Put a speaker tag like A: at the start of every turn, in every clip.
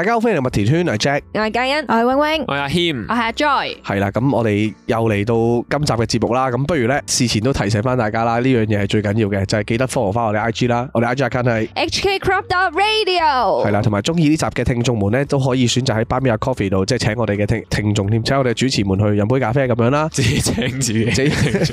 A: 大家好，歡迎嚟麥田圈，係 Jack，蜓我係 Kayan，ing，我係 Wing Wing，我係阿謙，
B: 我係阿 Joy。
A: 係啦，咁我哋又嚟到今集嘅節目啦。咁不如咧，事前都提醒翻大家啦，呢樣嘢係最緊要嘅，就係、是、記得 follow 翻我哋 IG 啦。我哋 IG account 係
C: HK Crop Dot Radio。
A: 係啦，同埋中意呢集嘅聽眾們咧，都可以選擇喺 Buy Me a Coffee 度，即係請我哋嘅聽聽眾添，請我哋嘅主持們去飲杯咖啡咁樣啦。自己請自己 聽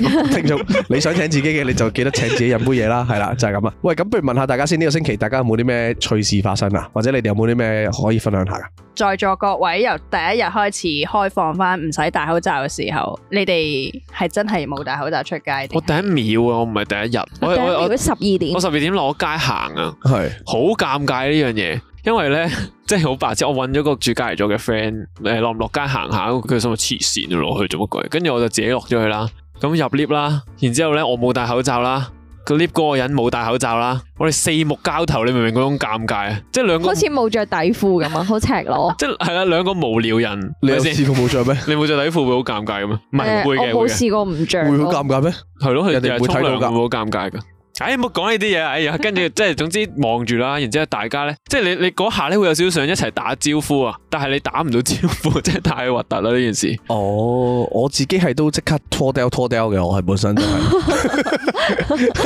A: 眾，聽眾，你想請自己嘅，你就記得請自己飲杯嘢啦。係啦，就係咁啦。喂，咁不如問下大家先，呢、這個星期大家有冇啲咩趣事發生啊？或者你哋有冇啲咩可以？分享下
D: 在座各位，由第一日開始開放翻，唔使戴口罩嘅時候，你哋係真係冇戴口罩出街？
E: 我第一秒啊，我唔係第一日。我我我十二點，我十二點落街行啊，係好尷尬呢樣嘢。因為咧，即係好白痴，我搵咗個住隔離咗嘅 friend，誒，落唔落街行下？佢心話，黐線啊，落去做乜鬼？跟住我就自己落咗去啦。咁入 lift 啦，然之後咧，我冇戴口罩啦。嗰 lift 個人冇戴口罩啦，我哋四目交投，你明唔明嗰種尷尬啊？即係兩個好
C: 似冇着底褲咁啊，好赤裸
E: 即。即係啦，兩個無聊人，你有試過冇着咩？ 你冇着底褲會好尷尬嘅咩？唔、呃、會嘅的，冇試
A: 過唔着會好尷尬咩？係
E: 咯，人哋會睇到你會好尷尬噶。哎，冇講呢啲嘢，哎呀，跟住即係總之望住啦，然之後大家咧，即係你你嗰下咧會有少少想一齊打招呼啊，但係你打唔到招
A: 呼，真係太核突啦呢件事。哦，我自己係都即刻拖掉拖掉嘅，我係本身就係，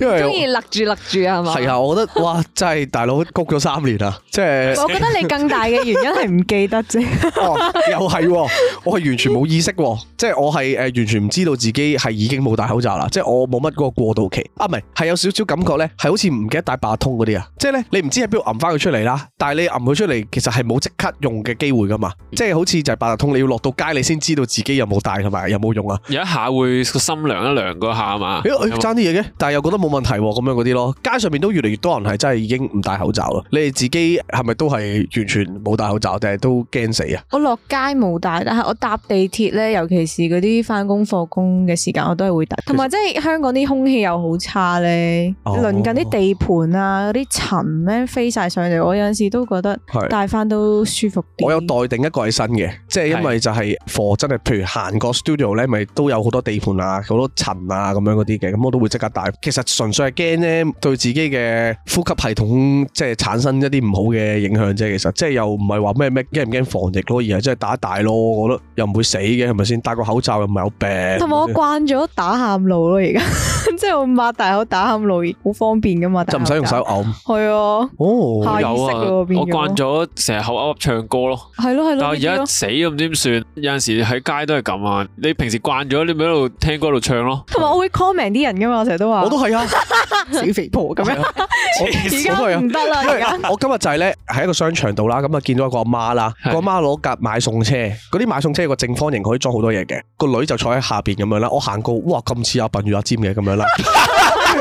A: 因為中
B: 意勒住勒住係
C: 嘛。係
A: 啊，我覺得哇，真係大佬谷咗三年啊，即係。 我覺得你
B: 更大嘅原因係唔記得啫、 哦。
A: 又係、哦，我係完全冇意識、哦，即係我係誒完全唔知道自己係已經冇戴口罩啦，即係我冇乜嗰個過渡期，啊唔係。啊啊啊係有少少感覺咧，係好似唔記得帶八達通嗰啲啊！即係咧，你唔知喺邊度揞翻佢出嚟啦。但係你揞佢出嚟，其實係冇即刻用嘅機會噶嘛。即係好似就係八達通，你要落到街，你先知道自己有冇帶同埋有冇用啊。有
E: 一下會心涼一涼嗰下啊嘛。咦？爭啲
A: 嘢嘅，但係又覺得冇問題咁樣嗰啲咯。街上面都越嚟越多人係真係已經唔戴口罩啦。你哋自己係咪都係完全冇戴口罩定係都驚死啊？我
B: 落街冇帶，但係我搭地鐵咧，尤其是嗰啲翻工放工嘅時間，我都係會戴。同埋即係香港啲空氣又好差。咧，鄰近啲地盤啊，嗰啲塵咧飛晒上嚟，我有陣時都覺得戴翻都舒服啲。
A: 我有待定一個係新嘅，即係因為就係貨真係，譬如行個 studio 咧，咪都有好多地盤啊，好多塵啊，咁樣嗰啲嘅，咁我都會即刻戴。其實純粹係驚咧，對自己嘅呼吸系統即係產生一啲唔好嘅影響啫。其實即係又唔係話咩咩驚唔驚防疫咯，而係真係打大咯。我覺得又唔會死嘅，係咪先戴個口罩又唔係有病。同埋我慣
B: 咗打喊路咯，而家即係我擘大口打喊露好方便噶嘛，就唔使用手揞，係啊，哦，
E: 我有啊，我慣咗成日口噏噏唱歌咯，
B: 係咯係咯，但係而家
E: 死咁，唔知點算？有陣時喺街都係咁啊！你平時慣咗，你咪喺度聽歌喺度唱咯？
B: 同埋我會 call 名啲人噶嘛，我成日都話，我都係啊，小肥婆咁樣，而家唔得啦。
A: 我今日就係咧喺一個商場度啦，咁啊見到一個阿媽啦，個阿媽攞架買送車，嗰啲買送車有個正方形可以裝好多嘢嘅，個女就坐喺下邊咁樣啦，我行過，哇，咁似阿笨與阿尖嘅咁樣啦。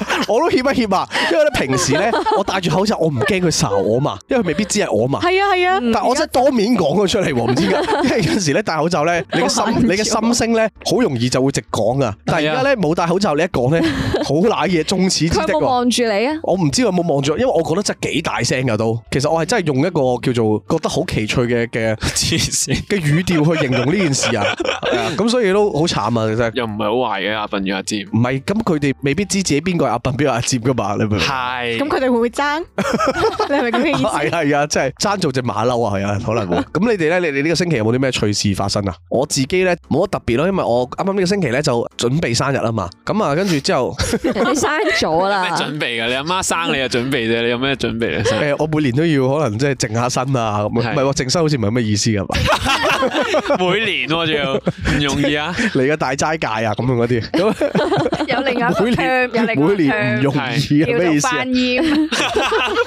A: 我都怯一怯啊？因為咧平時咧， 我戴住口罩，我唔驚佢掃我嘛，因為佢未必知係我嘛。係啊係啊，啊但我真係當面講佢出嚟，我唔知噶。因為有陣時咧戴口罩咧， 你嘅心你嘅心聲咧，好容易就會直講噶。但係而家咧冇戴口罩，你一講咧，好瀨嘢，眾矢之的。佢有冇望住你啊？我唔知有冇望住，因為我覺得真係幾大聲噶都。其實我係真係用一個叫做覺得好奇趣嘅嘅黐嘅語調去形容呢件事 啊。咁所以都好慘啊，其實又。又唔係好壞嘅阿笨與阿尖。唔、啊、係，咁佢哋未必知自己邊個。阿笨邊有阿哲噶嘛？你明唔明？係。咁佢
B: 哋會唔會爭？ 你係咪咁嘅意思？
A: 係係啊，真、哎、係爭做隻馬騮啊，係啊，可能會。咁你哋咧，你哋呢個星期有冇啲咩趣事發生啊？我自己咧冇乜特別咯，因為我啱啱呢個星期咧就準備生日啊嘛。咁啊，跟住之後
E: 你生咗啦。咩 準備噶？你阿媽生你啊，準備啫。你有咩準備啊、 欸？
A: 我每年都要可能即係靜下身啊，咁唔係話靜身好似唔係乜意思噶嘛。
E: 每年我仲要，唔容易啊？
A: 嚟個 大齋界啊，咁樣嗰啲。 有
D: 另外有另。 年 年唔
A: 容易啊！咩意思啊？翻艷，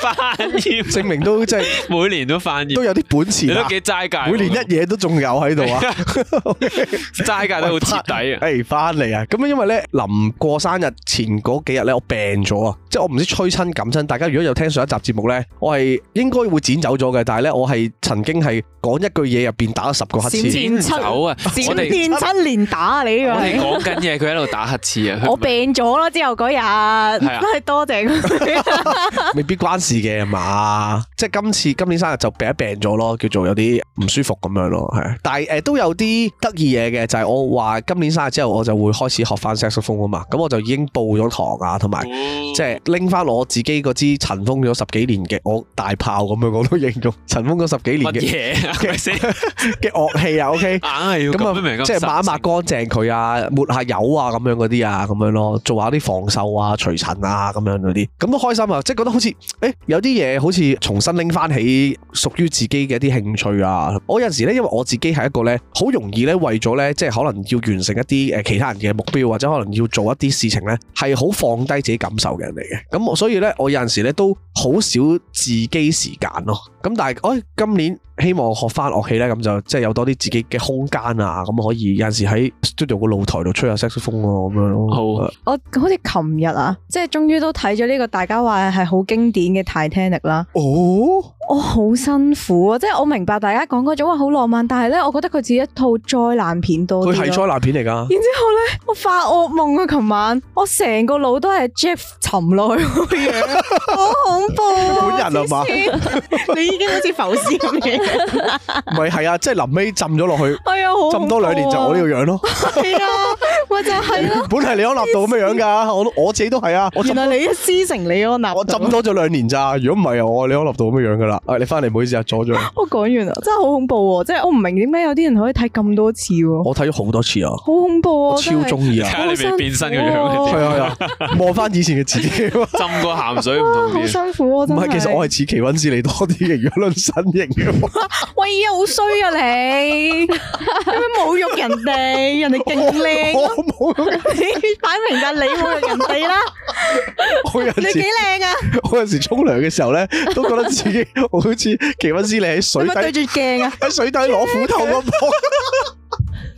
A: 翻艷，證明都即係每年都翻艷，都有啲本事。都幾齋戒，每年一夜都仲有喺度啊！齋戒都好徹底啊！誒，翻嚟啊！咁因為咧，臨過生日前嗰幾日咧，我病咗啊！即係我唔知吹親、揼親。大家如果有聽上一集節目咧，我係應該會剪走咗嘅，但係咧，我係曾經係講一句嘢入邊打咗十個乞嗤。剪走啊！剪電七
B: 年打啊？你，我
A: 哋講緊嘢，佢喺度打乞嗤啊！我
B: 病咗啦，之後嗰日。啊，係、啊、多謝佢
A: 未必關事嘅，啊嘛？即係今次今年生日就病一病咗咯，叫做有啲唔舒服咁樣咯，係，但係誒都有啲得意嘢嘅，就係、是、我話今年生日之後我就會開始學翻 saxophone 啊嘛。咁我就已經報咗堂啊，同埋即係拎翻我自己嗰支塵封咗十幾年嘅我大炮咁樣，我都認咗塵封咗十幾年嘅嘢嘅樂器啊，OK 硬就。硬係要咁啊，即係抹一抹乾淨佢啊，抹下油啊，咁樣嗰啲啊，咁樣咯，做下啲防銹啊、除塵啊，咁樣嗰啲，咁都開心啊！即係覺得好似誒、欸、有啲嘢好似重新拎翻起屬於自己嘅一啲興趣啊！我有陣時咧，因為我自己係一個咧，好容易咧，為咗咧，即係可能要完成一啲誒其他人嘅目標，或者可能要做一啲事情咧，係好放低自己感受嘅人嚟嘅。咁、嗯、我所以咧，我有陣時咧都好少自己時間咯、啊。咁但係，哎，今年希望學翻樂器咧，咁就即係有多啲自己嘅空間啊，咁可以有陣時喺 studio 個露台度吹下色士風咯，咁樣咯。好啊。好
B: 樣我好似琴日啊，即係終於都睇咗呢個大家話係好經典嘅 Titanic 啦。了哦。我好辛苦啊！即係我明白大家講嗰種話好浪漫，但係咧，我覺得佢似一套災難片多啲。佢係災難片嚟噶。然之後咧，我發惡夢啊！琴晚我成個腦都係 Jeff 沉落去嘅樣，好恐怖啊！本
A: 人係嘛？你已經好
B: 似浮屍咁嘅。
A: 唔係，係啊！即係臨尾浸咗落去，浸多兩年就我呢個樣咯。
B: 係啊，咪就係咯。本嚟
A: 你嗰個難度咁樣噶，我都我自己都係啊。原來你一
B: 撕成你嗰個難度，我浸多
A: 咗兩年咋？如果唔係我你嗰個難度咁樣噶啦。誒，你翻嚟，唔好意思啊，阻住。
B: 我講完啦，真係好恐怖，即係我唔明點解有啲人可以睇咁多次。我
A: 睇咗好多次啊，
B: 好恐怖，超中意啊，
A: 未變身嘅樣，係啊，望翻以前嘅自己，浸過鹹水唔同點。好辛苦，唔係，其實我係似奇溫斯利多啲嘅，如果論身形嘅
B: 話。喂，依家好衰啊你，有冇侮辱人哋？人哋勁靚，我冇，擺明就你侮辱人哋啦。你有陣時幾靚啊，我
A: 有陣時沖涼嘅時候咧，都覺得自己。我好似奇溫斯，你喺水底對住鏡啊！喺 水底攞斧頭咁拋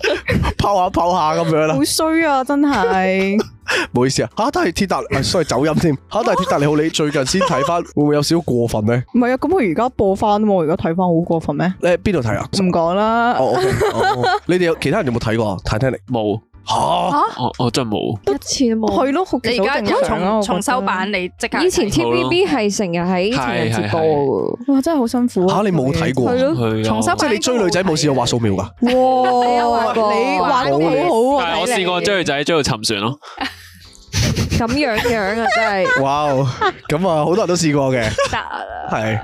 A: 下拋下咁樣啦，好衰啊！
B: 真係， 唔
A: 好意思啊！吓，但係鐵達，sorry 走音添。吓，但係鐵達你好，你最近先睇翻，會唔會有少少過分咧？
B: 唔係啊，咁我而家播翻、啊，我而家睇翻好過分咩？
A: 你喺邊度睇啊？唔講啦。哦，你哋有其他人有冇睇過？鐵達尼冇。吓吓、啊，我真冇
C: 一次都冇，係咯，你而家重重修版，你即刻以前 T V B 係成日喺情人節播
A: 噶，是是是是哇，真係好辛苦吓、啊啊，你冇睇過了了重修、這個，即係你追女仔冇試過畫素描噶，
E: 哇，
C: 你畫
A: 得好好啊，我試過
E: 追女仔，追到沉船咯、啊。
C: 咁 樣樣，樣，wow, 樣啊，真係
A: 哇！咁啊，好多人都試過嘅，得！ 係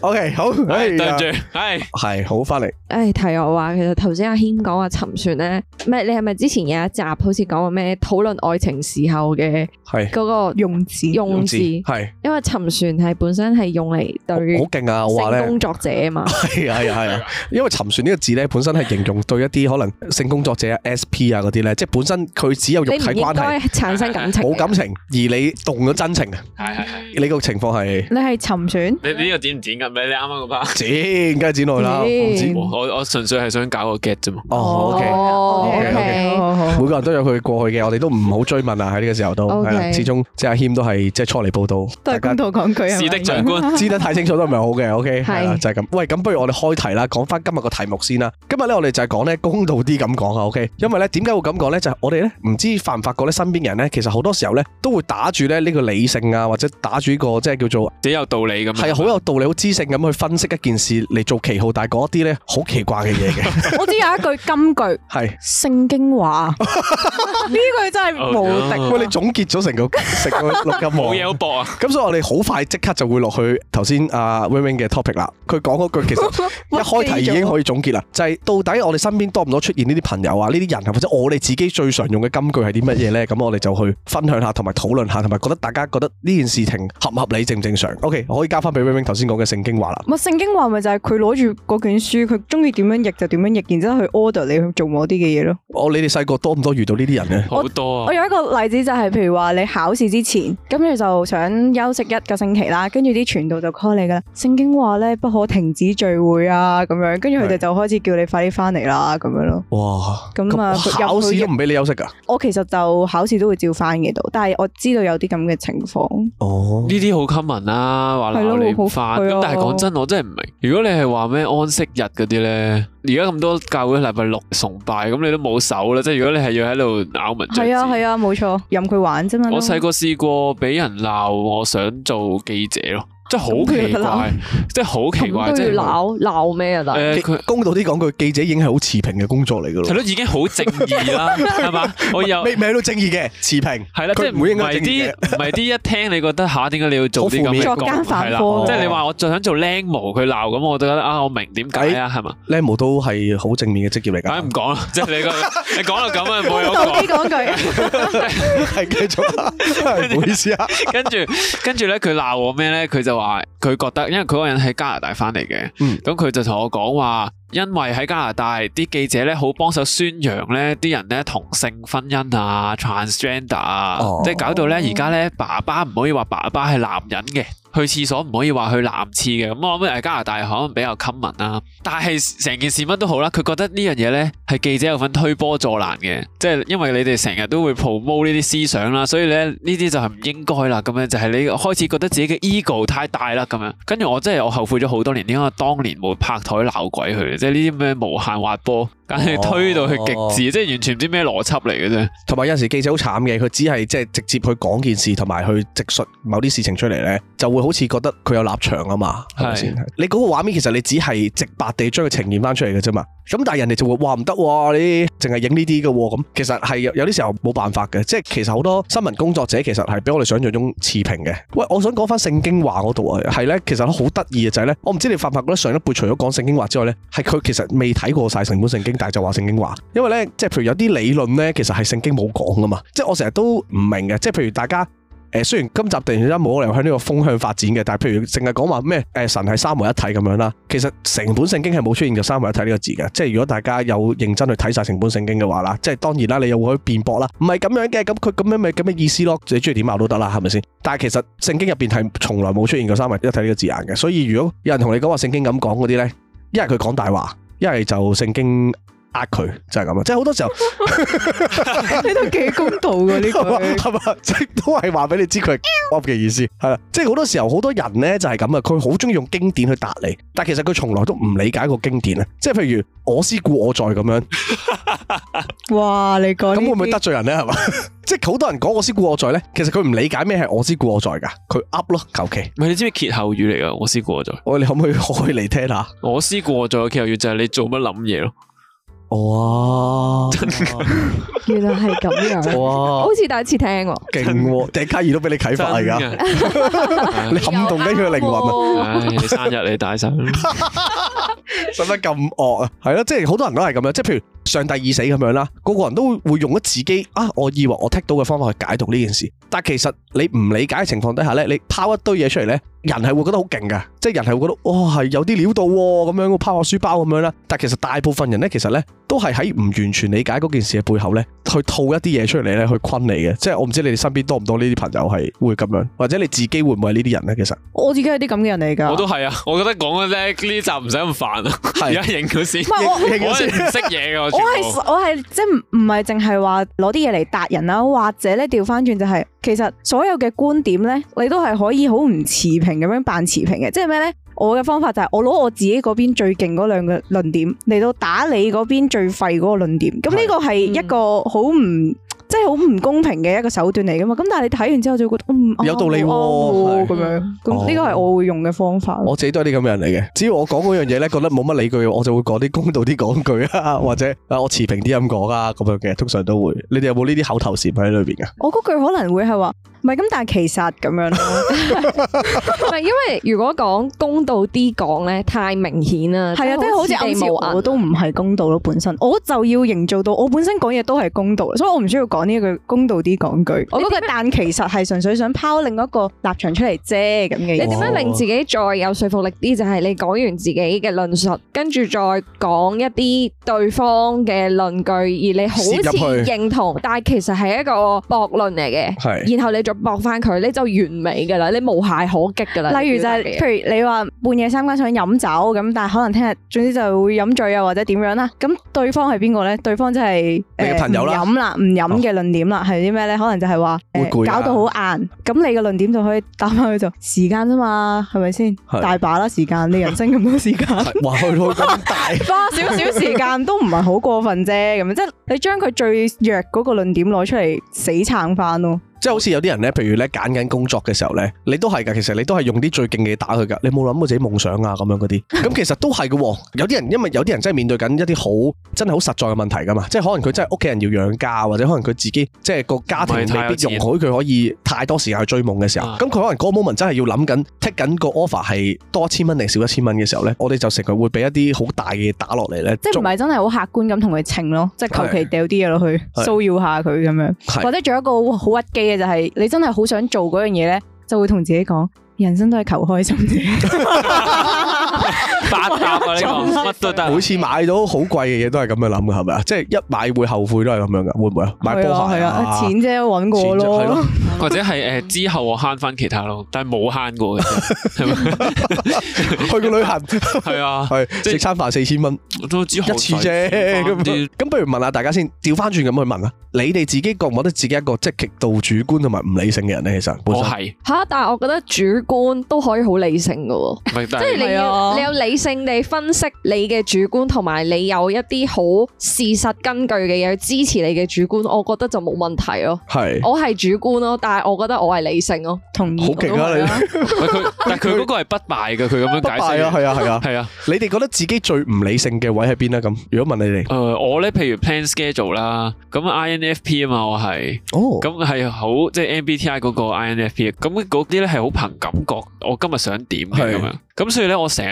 A: OK，好，誒、 哎、呀對住，係係對、哎、呀好翻嚟。
C: 誒、哎、提我話，其實頭先阿謙講話沉船咧，唔你係咪之前有一集好似講過咩討論愛情時候嘅係嗰個用字用字係，因為沉船係本身係用嚟對好
A: 勁啊！我咧性工作者嘛，係啊係啊，因為沉船呢個字咧本身係形容對一啲可能性工作者啊 SP 啊嗰啲咧，即係本身佢只有肉體關係應該產生感情。感情，而你動咗真情啊！係係係，你個情況係
B: 你係尋船？
E: 你呢個剪唔剪噶？咪你啱啱個
A: part 剪，梗係剪落去啦。我我純粹係想搞個 get 啫。哦，OK，OK，每個人都有佢過去嘅，我哋都唔好追問啊。喺呢個時候都係啦，始終阿謙都係即係初嚟報道，都係公道講句，是的長官，知得太清楚都唔係好嘅。OK，係啦，就係咁。喂，咁不如我哋開題啦，講翻今日個題目先啦。今日咧，我哋就係講咧公道啲咁講啊。OK，因為咧，點解會咁講咧？就係我哋咧唔知發唔發覺咧，身邊人咧其實好多時候。都會打住咧呢個理性啊，或者打住呢、這個即係叫做，好有道理咁，係好有道理、好知性咁去分析一件事嚟做旗號，但係嗰一啲咧好奇怪嘅嘢嘅。
B: 我知有一句金句，係聖是經話，呢 句真係無敵。喂，
A: 你總結咗成個成個，個六冇嘢好播啊！咁所以我哋好快即刻就會落去頭先阿 Winwin 嘅 topic 啦。佢講嗰句其實一開題已經可以總結啦， 得就係到底我哋身邊多唔多出現呢啲朋友啊、呢啲人啊，或者我哋自己最常用嘅金句係啲乜嘢咧？咁我哋就去分享。同埋討論下，同埋覺得大家覺得呢件事情合唔合理正唔正常？OK 可以交翻俾 Wing Wing 頭先講嘅聖經話啦。
B: 咪聖經話咪就係佢攞住嗰卷書，佢中意點樣譯就點樣譯，然之後去 order 你去做某啲嘅嘢咯。
A: 哦，你哋細個多唔多遇到呢啲人咧？好多啊我！我
B: 有一個例子就係，譬如話你考試之前，跟住就想休息一個星期啦，跟住啲傳道就 call 你噶啦。聖經話咧，不可停止聚會啊，咁樣，跟住佢哋就開始叫你快啲翻嚟啦，咁樣咯。
A: 哇！咁啊，考試都唔俾你休息噶？
B: 我其實就考試都會照翻嘅但係我知道有啲咁嘅情況，
E: 哦，呢啲好 common 啊，話鬧你唔翻。咁但係講真，我真係唔明。如果你係話咩安息日嗰啲咧，而家咁多教會禮拜六崇拜，咁你都冇手啦。即係如果你係要喺度咬文嚼字，
B: 係啊係啊，冇錯，任佢玩啫嘛。我細
E: 個試過俾人鬧，我想做記者咯。
A: 即係好奇怪，即係好奇怪，即係鬧
B: 鬧咩
E: 啊？佢
A: 公道啲講句，記者已經係好持平嘅工作嚟嘅咯，係咯，已
E: 經好正義啦，係嘛？我又未
A: 未係到正義嘅持平，係啦，即係唔係啲
E: 唔係啲一聽你覺得吓，點解你要做啲咁嘅？作奸犯科即係你話我想做靚模，佢鬧咁，我都覺得啊，我明點
A: 解啊，係嘛？靚模都係好正面嘅職業嚟㗎，唔講啦，
E: 即係你講你講就咁啊，冇嘢我講句，
A: 係繼續，唔好意思啊。
E: 跟住跟住咧，佢鬧我咩咧？佢就話。佢覺得，因為佢嗰人喺加拿大翻嚟嘅，咁佢、嗯、就同我講話，因為喺加拿大啲記者咧好幫手宣揚咧啲人咧同性婚姻啊，transgender 啊，trans gender，哦、即係搞到咧而家咧爸爸唔、哦、可以話爸爸係男人嘅。去廁所唔可以話去男廁嘅，咁我諗，加拿大可能比較 common 啦，但係成件事乜都好啦，佢覺得呢樣嘢咧係記者有份推波助瀾嘅，即係因為你哋成日都會 promote 呢啲思想啦，所以咧呢啲就係唔應該啦，咁樣就係你開始覺得自己嘅 ego 太大啦，咁樣，跟住我真係我後悔咗好多年，點解當年冇拍台鬧鬼佢，即係呢啲咩無限滑波。但係推到去極致，哦、即係完全唔知咩邏輯嚟
A: 嘅啫。同埋有時記者好慘嘅，佢只係即係直接去講件事，同埋去直述某啲事情出嚟咧，就會好似覺得佢有立場啊嘛。係咪先？係。你嗰個畫面其實你只係直白地將佢呈現翻出嚟嘅啫嘛。咁但係人哋就會話唔得，你淨係影呢啲嘅咁，其實係有啲時候冇辦法嘅，即係其實好多新聞工作者其實係比我哋想象中持平嘅。喂，我想講返聖經話嗰度啊，係咧，其實好得意嘅就係、是、咧，我唔知你發唔發覺咧，上一輩除咗講聖經話之外咧，係佢其實未睇過晒成本聖經，但係就話聖經話，經經話因為咧即係譬如有啲理論咧，其實係聖經冇講噶嘛，即係我成日都唔明嘅，即係譬如大家。誒，雖然今集突然之間冇理由向呢個方向發展嘅，但係譬如淨係講話咩？誒，神係三位一體咁樣啦。其實成本聖經係冇出現過三位一體呢個字嘅。即係如果大家有認真去睇晒成本聖經嘅話啦，即係當然啦，你又會去辯駁啦，唔係咁樣嘅。咁佢咁樣咪咁嘅意思咯。你中意點鬧都得啦，係咪先？但係其實聖經入邊係從來冇出現過三位一體呢個字眼嘅。所以如果有人同你講話聖經咁講嗰啲呢，一係佢講大話，一係就聖經。呃，佢就係咁啊，即係好多時候，你都幾
B: 公道噶呢 一句， 係
A: 嘛？即係都係話俾你知佢 up 嘅意思，係啦，即係好多時候，好多人咧就係咁啊，佢好中意用經典去答你，但其實佢從來都唔理解個經典啊，即係譬如我思故我在咁樣， 哇，你講咁會唔會得罪人咧？係嘛？即係好多人講我思故我在咧，其實佢唔理解咩係我思故我在噶，佢 up 咯求其，
E: 唔係你知唔知歇後語嚟噶？我思故我在，我你可唔可以可以嚟聽，聽下？我思故我在
A: 嘅歇後語就係你
E: 做乜諗嘢咯。
A: 哇！
C: 原來
A: 係咁樣，哇好似
C: 第一次聽喎，
A: 勁喎，笛卡爾都俾你啟發而家，
E: 你撼
A: 動緊佢嘅靈魂啊、 哎！你生日你大神，使乜咁惡啊？係咯，即係好多人都係咁樣，即係譬如。上帝已死咁樣啦，個個人都會用咗自己啊，我以為我 take 到嘅方法去解讀呢件事。但其實你唔理解嘅情況底下咧，你拋一堆嘢出嚟咧，人係會覺得好勁噶，即係人係會覺得哇係、哦、有啲料到咁、哦、樣拋下書包咁樣啦。但其實大部分人咧，其實咧都係喺唔完全理解嗰件事嘅背後咧，去套一啲嘢出嚟咧，去昆你嘅。即係我唔知你哋身邊多唔多呢啲朋友係會咁樣，或者你自己會唔會係呢啲人咧？其實
B: 我自己係啲咁嘅人嚟噶，我都
E: 係啊，我覺得講嘅啫，呢集唔使咁煩啊，而家認佢先，唔係我唔識嘢 我係
B: 我係即係唔唔係淨係話攞啲嘢嚟答人啦，或者咧調翻轉就係、是，其實所有嘅觀點咧，你都係可以好唔持平咁樣扮持平嘅，即係咩咧？我嘅方法就係我攞我自己嗰邊最勁嗰兩個論點嚟到打你嗰邊最廢嗰個論點，咁呢的個係一個好唔～、嗯真係好唔公平嘅一個手段嚟噶嘛，咁但係你睇完之後就會覺得，嗯，有道理喎、啊，咁、哦、是樣，咁呢個係我會用嘅方法、哦。我
A: 自己都係啲咁嘅人嚟嘅，只要我講嗰樣嘢咧，覺得冇乜理據，我就會講啲公道啲講句啊，或者啊，我持平啲咁講啊，咁樣嘅，通常都會。你哋有冇呢啲口頭禪喺裏邊噶？
B: 我嗰句可能會係話。唔係咁，但係其實咁樣咯，
C: 唔係因為如果講公道啲講咧，太明顯啦。係啊，即係好似地無銀
B: 都唔係公道咯。本身我就要營造到我本身講嘢都係公道，所以我唔需要講呢一句公道啲講句。我覺得但其實係純粹想拋另一個立場出嚟
C: 啫，咁嘅。你點樣令自己再有說服力啲？就係你講完自己嘅論述，跟住再講一啲對方嘅論據，而你好似認同，但係其實係一個駁論嚟嘅。係，然後你再。駁翻佢，你就完美噶啦，你無懈可擊噶啦。例如就係、是，譬如
B: 你話半夜三更想飲酒咁，但係可能聽日，總之就係會飲醉啊，或者點樣啦。咁對方係邊個咧？對方就係你嘅朋友啦、呃。飲啦，唔飲嘅論點啦，係啲咩咧？可能就係話，呃、累搞到好晏。咁、啊、你嘅論點就可以答翻去做時間啫嘛，係咪先？是 大把啦，時間你人生咁多時間
A: 話去去咁大，
B: 花少少時間都唔係好過分啫。咁即係你將佢最弱嗰個論點攞出嚟，死撐翻咯。
A: 即係好似有啲人咧，譬如咧揀緊工作嘅時候咧，你都係㗎。其實你都係用啲最勁嘅嘢打佢㗎。你冇諗過自己夢想啊咁樣嗰啲。咁其實都係嘅喎。有啲人因為有啲人真係面對緊一啲好真係好實在嘅問題㗎嘛。即係可能佢真係屋企人要養家，或者可能佢自己即係個家庭未必容許佢可以太多時間去追夢嘅時候，咁佢可能個 moment 真係要諗緊 take 緊個 offer 係多一千蚊定少一千蚊嘅時候咧，我哋就成日會俾一啲好大嘅嘢打落嚟咧。即係唔
B: 係真係好客觀咁同佢稱咯。即係求其掉啲嘢落去對 騷擾下佢咁樣，對 或者仲有一個好屈機。.就係你真係好想做嗰樣嘢呢，就會同自己講：人生都係求開心啫。 八
A: 萬啊！你講乜都得，每次買到好貴嘅嘢都係咁樣諗嘅，係咪啊？即係一買會後悔都係咁樣噶，會唔會啊？買波鞋啊？錢
B: 啫，揾過咯。
E: 或者係誒之後我慳翻其他咯，但係冇
A: 慳過嘅。去個旅行係啊，去食餐飯四千蚊，都只係一次啫。咁不如問下大家先，調翻轉咁去問啊！你哋自己覺唔覺得自己一個即係極度主觀同埋唔理性嘅人咧？其實我係
C: 吓，但係我覺得主觀都可以好理性噶，
A: 即係你要。你
C: 有理性地分析你嘅主觀，同埋你有一啲好事實根據嘅嘢支持你嘅主觀，我覺得就冇問題咯。係是，我係主觀咯，但係我覺得我係理性咯。同意
A: 啊。好奇啊你！ 但佢嗰個係不敗嘅，佢咁樣解釋。不敗啊！係啊係啊係啊！啊啊啊，你哋覺得自己最唔理性嘅位喺邊咧？咁如果問你哋，誒、呃，我
E: 咧譬如 plan schedule 啦，咁 INFP 啊嘛，我係哦，咁係好即係 MBTI 嗰個 INFP 啊，咁嗰啲咧係好憑感覺，我今日想點嘅咁樣，咁是所以咧我成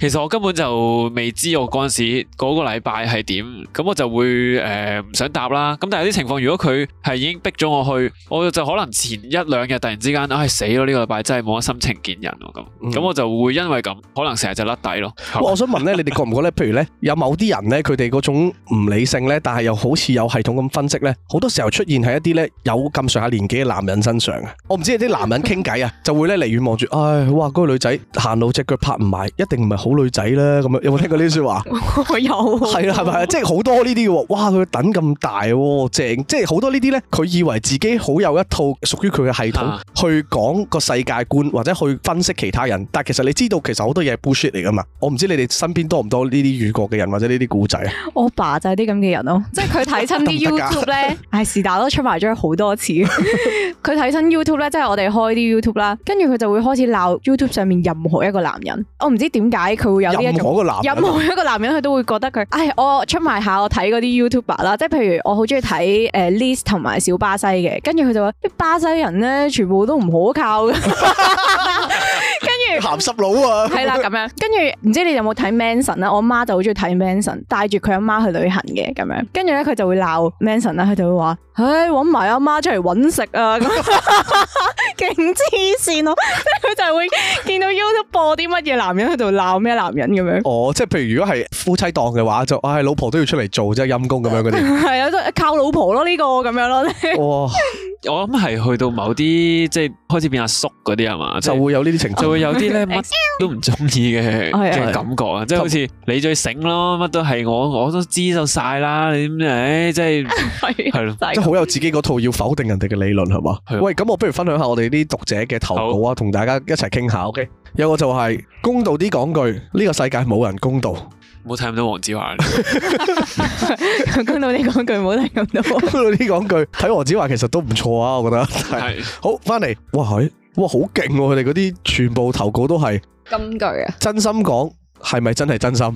E: 其實我根本就未知我嗰陣時嗰個禮拜係點，咁我就會誒唔、呃、想答啦。咁但係有啲情況，如果佢係已經逼咗我去，我就可能前一兩日突然之間，唉、哎、死咯！呢、這個禮拜真係冇乜心情見人咯。咁咁我就會因為咁，嗯、可能成日就甩底咯。嗯、我
A: 想問咧，你哋覺唔覺咧？譬如咧，有某啲人咧，佢哋嗰種唔理性咧，但係又好似有系統咁分析咧，好多時候出現喺一啲咧有咁上下年紀嘅男人身上啊。我唔知有啲男人傾偈啊， 就會咧離遠望住，唉，哇！嗰、那個女仔行路隻腳拍唔埋，一定唔係好好女仔咧，咁樣有冇聽過呢啲說話？
B: 有係啦，係咪啊？即係
A: 好多呢啲嘅喎，哇！佢膽咁大，正即係好多呢啲咧。佢以為自己好有一套屬於佢嘅系統是、啊、去講個世界觀，或者去分析其他人。但係其實你知道，其實好多嘢係 bullshit 嚟噶嘛。我唔知你哋身邊多唔多呢啲語角嘅人，或者呢啲古仔
B: 啊。我爸就係啲咁嘅人咯、啊，即係佢睇親啲 YouTube 咧，唉，是但都出埋咗好多次。佢睇親 YouTube 咧，即係我哋開啲 YouTube 啦，跟住佢就會開始鬧 YouTube 上面任何一個男人。我唔知點解。佢會有任何一任何一個男人，佢都會覺得佢， 唉，我出埋下，我睇嗰啲 YouTuber 啦，即係譬如我好中意睇誒 Liz 同埋小巴西嘅，跟住佢就話啲巴西人咧，全部都唔可靠。 鹹濕佬啊！係 啦，咁樣，跟住唔知你有冇睇 Manson 咧？我媽就好中意睇 Manson 帶住佢阿媽去旅行嘅，咁樣，跟住咧佢就會鬧 Manson 啦，佢就會話，唉，搵埋阿媽出嚟搵食啊！咁，勁黐線咯，佢就係會見到 YouTube 播啲乜嘢男
A: 人，佢就鬧咩男人咁樣。哦，即係譬如如果係夫妻檔嘅話，就唉、哎，老婆都要出嚟做，即係陰公咁樣嗰啲。
B: 係啊， 都靠老婆咯呢、這個咁樣咯。哇、
A: 哦！我
E: 諗係去到某啲即係開始變阿叔嗰啲係嘛，就會有呢啲情況， 就會有啲咧乜都唔中意嘅嘅感覺啊！即係 好似你最醒咯，乜都係我我都知就晒啦，你咁樣即係係咯，即係好有
A: 自己嗰套要否定人哋嘅理論係嘛？ 喂，咁我不如分享下我哋啲讀者嘅投稿啊，同好大家一齊傾下。OK，有個就係公道啲講句，呢個世界冇人公道。
E: 冇睇唔到黃子華。
B: 講到呢講句，冇睇唔到。講
A: 到呢講句，睇黃子華 其實都唔錯啊，我覺得。係。是好，翻嚟，哇，佢，哇好勁，佢哋嗰啲全部投稿都係金句啊！真心講，係咪真係真心？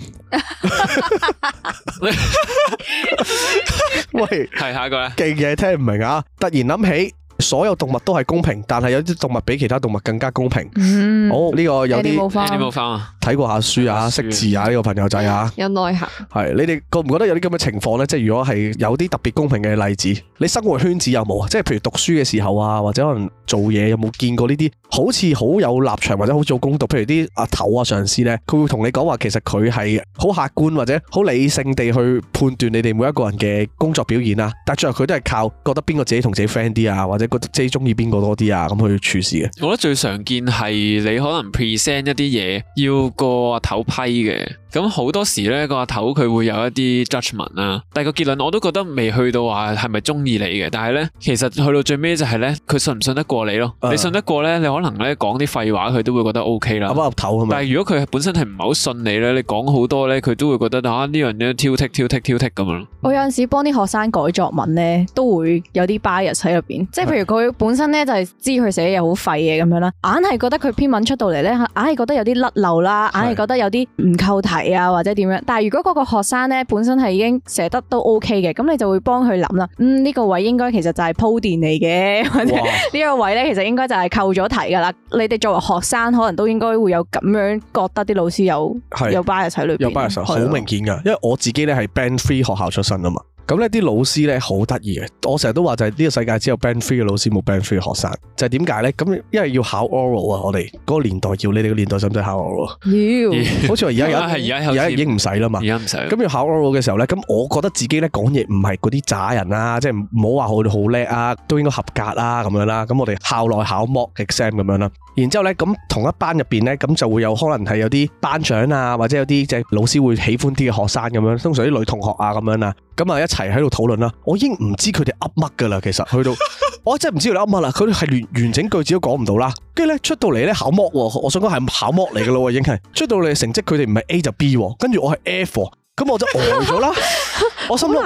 A: 喂，係下一個咧。勁嘢聽唔明啊！突然諗起。所有動物都係公平，但係有啲動物比其他動物更加公平。好呢、嗯哦呢個有啲有啲睇過下書啊，識字啊，呢、呢個朋友仔啊，有內涵。係你哋覺唔覺得有啲咁嘅情況呢？即係如果係有啲特別公平嘅例子，你生活圈子有冇啊？即係譬如讀書嘅時候啊，或者可能做嘢有冇見過呢啲好似好有立場或者好做公道？譬如啲阿頭啊、上司呢，佢會同你講話，其實佢係好客觀或者好理性地去判斷你哋每一個人嘅工作表現啊。但係最後佢都係靠覺得邊個自己同自己 friend 啲啊，或者？即係中意邊個多啲啊？咁去處事嘅，
E: 我覺得最常見係你可能 present 一啲嘢要個阿頭批嘅。咁好多時咧，個阿頭佢會有一啲 judgement 啊，但係個結論我都覺得未去到話係咪中意你嘅。但係咧，其實去到最尾就係咧，佢信唔信得過你咯？Uh, 你信得過咧，你可能咧講啲廢話佢都會覺得 OK 啦。咁阿頭啊嘛。但係如果佢本身係唔係好信你咧，你講好多咧，佢都會覺得吓呢樣嘢挑剔、挑剔、挑剔，咁樣。我
B: 有陣時幫啲學生改作文咧，都會有啲 bias 喺入邊，即係譬如佢本身咧就係知佢寫嘢好廢嘅咁樣啦，硬係覺得佢篇文出到嚟咧，硬係覺得有啲甩漏啦，硬係覺得有啲唔扣題。的啊或者點樣？但係如果嗰個學生咧本身係已經寫得都 OK 嘅，咁你就會幫佢諗啦。嗯，呢、呢個位應該其實就係鋪墊嚟嘅，哇 或者呢個位咧其實應該就係扣咗題噶啦。你哋作為學生，可能都應該會有咁樣覺得啲老師有是有 bias 喺裏邊，有 bias 好明
A: 顯噶。因為我自己咧係 Band Three 學校出身啊嘛。咁呢啲老師咧好得意嘅。我成日都話就係呢個世界只有 band three 嘅老師，冇 band three 嘅學生。就係點解咧？咁因為要考 oral 啊。我哋嗰個年代要你哋個年代使唔使考 oral 咯？要。好似話而家而家，已經唔使啦嘛。而家唔使。咁要考 oral 嘅時候咧，咁我覺得自己咧講嘢唔係嗰啲渣人啊，即係唔好話我哋好叻啊，都應該合格啦、啊、咁樣啦、啊。咁我哋校內考，考 mock exam 咁樣啦、啊。然之後咧，咁同一班入邊咧，咁就會有可能係有啲班長啊，或者有啲即係老師會喜歡啲嘅學生咁樣、啊，通常啲女同學啊咁樣啦、啊。咁啊，一齊喺度討論啦！我已經唔知佢哋噏乜噶啦，其實去到 我真係唔知佢哋噏乜啦，佢哋係連完整句子都講唔到啦。跟住咧出到嚟咧考剝，我想講係考剝嚟噶咯，已經係出到嚟成績佢哋唔係 A 就 B，跟住我係 F，咁我就呆咗啦！ 我心諗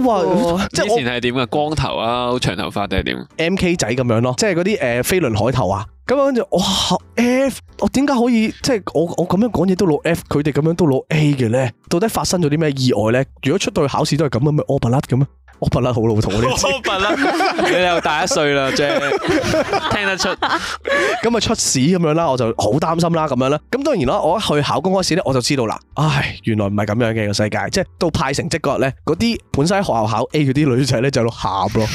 A: 我話，以前係點噶？光頭啊，長頭髮定係點？MK 仔咁樣咯，即係嗰啲誒飛輪海頭啊！咁跟住哇，F，我點解可以即係我我咁樣講嘢都攞 F，佢哋咁樣都攞 A 嘅咧？到底發生咗啲咩意外咧？如果出到去考試都係咁，咪卧扒甩咁啊？卧扒甩好老土，啲。
E: Open UP，你又大一歲啦，J，聽得出，
A: 咁啊出屎咁樣啦，我就好擔心啦，咁樣咧。咁當然啦，我一去考公開試咧，我就知道啦。唉，原來唔係咁樣嘅，這個世界，即係到派成績嗰日咧，嗰啲本身喺學校考 A 嗰啲女仔咧就喺度喊咯，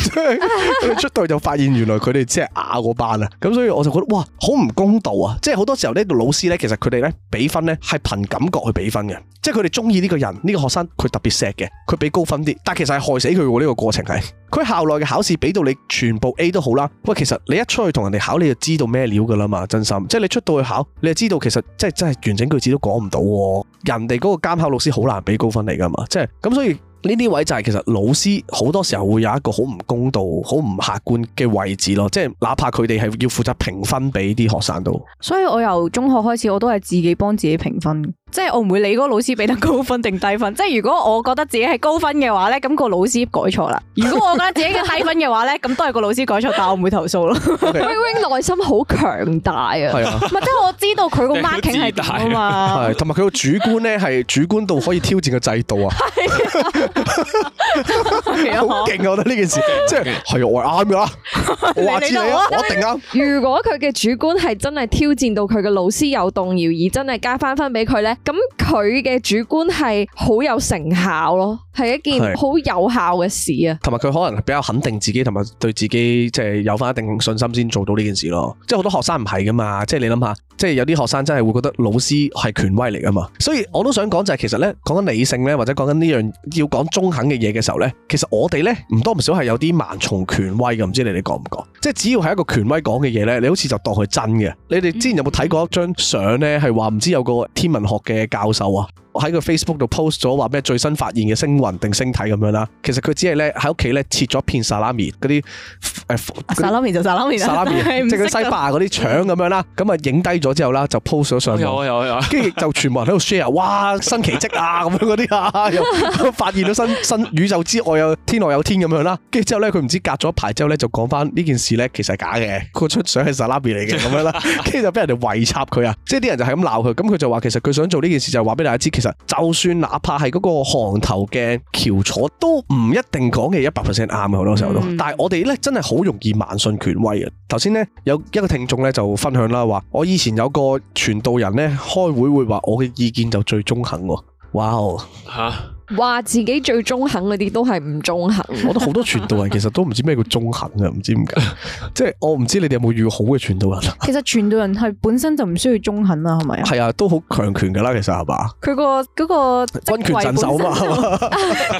A: 出到去就發現原來佢哋即係啞嗰班啊，咁所以我就覺得。哇，好唔公道啊！即係好多時候呢個老師呢，其實佢哋呢，比分呢係憑感覺去比分嘅。即係佢哋中意呢個人，呢個學生佢特別錫嘅，佢俾高分啲。但其實係害死佢呢個過程係。佢 校內嘅考試俾到你全部 A 都好啦。喂，其實你一出去同人哋考，你就知道咩料噶啦嘛。真心，即係你出到去考，你就知道其實即係真係完整句子都講唔到。人哋嗰個監考老師好難俾高分嚟噶嘛。即係咁，所以。呢啲位就係其實老師好多時候會有一個好唔公道、好唔客觀嘅位置囉，即係哪怕佢哋係要負責評分畀啲學生度。
B: 所以我由中學開始，我都係自己幫自己評分。即係我唔會理嗰個老師俾得高分定低分，即係如果我覺得自己係高分嘅話咧，咁個老師改錯啦；如果我覺得自己嘅低分嘅話咧，咁 都係個老師改錯，但係我唔會投訴咯。wing 內心好強大啊。唔係、啊、即係我知道佢
C: 個 mark
A: 係點啊嘛，同埋佢個主觀咧係主觀到可以挑戰個制度啊，好勁是啊， 啊！我覺得呢件事即係係我係啱噶，我一定啱。
C: 如果佢嘅主觀係真係挑戰到佢嘅老師有動搖，而真係加翻分俾佢咧？咁佢嘅主觀係好有成效咯，係一件好有效嘅事啊。
A: 同埋佢可能比較肯定自己，同埋對自己即係、就是、有翻一定信心先做到呢件事咯。即係好多學生唔係噶嘛，即係你諗下，即係有啲學生真係會覺得老師係權威嚟㗎嘛。所以我都想講就係、是，其實咧講緊理性咧，或者講緊呢樣要講中肯嘅嘢嘅時候咧，其實我哋咧唔多唔少係有啲盲從權威嘅。唔知你哋講唔講？即係只要係一個權威講嘅嘢咧，你好似就當佢真嘅。你哋之前有冇睇過一張相咧，係話唔知有個天文學嘅嘅教授啊！我喺個 Facebook 度 post 咗話咩最新發現嘅星雲定星體咁樣啦，其實佢只係咧喺屋企咧切咗片沙拉米嗰啲誒，沙拉
B: 米就沙拉米，沙拉米，沙拉米即佢西巴
A: 嗰啲腸咁樣啦，咁啊影低咗之後啦就 post 咗上，有有有，跟住就全部人喺度 share，哇新奇蹟啊咁樣嗰啲啊，又發現咗新新宇宙之外有天外有天咁樣啦，跟住之後咧佢唔知隔咗一排之後咧就講翻呢件事咧其實係假嘅，個出相係沙拉米嚟嘅咁樣啦，跟住就俾人哋圍插佢啊，即係啲人就係咁鬧佢，咁佢就話其實佢想做呢件事就係話俾大家知。就算哪怕係嗰個行頭嘅翹楚，都唔一定講嘅一百 percent 啱嘅，好多時候都。嗯、但係我哋咧，真係好容易盲信權威。頭先咧有一個聽眾咧就分享啦，話我以前有個傳道人咧開會會話我嘅意見就最中肯。哇、wow、吓！
C: 話自己最
B: 中肯嗰啲都係唔中肯，
C: 我覺得好
A: 多傳道人其實都唔知咩叫中肯嘅，唔知點解，即 係我唔知你哋有冇遇過好嘅傳道人， 其傳
B: 人、啊。其實傳道人係本身就唔需 要中肯啦，係咪啊？
A: 係啊，都好強權噶啦，其實係嘛？
B: 佢個嗰個軍權鎮守嘛，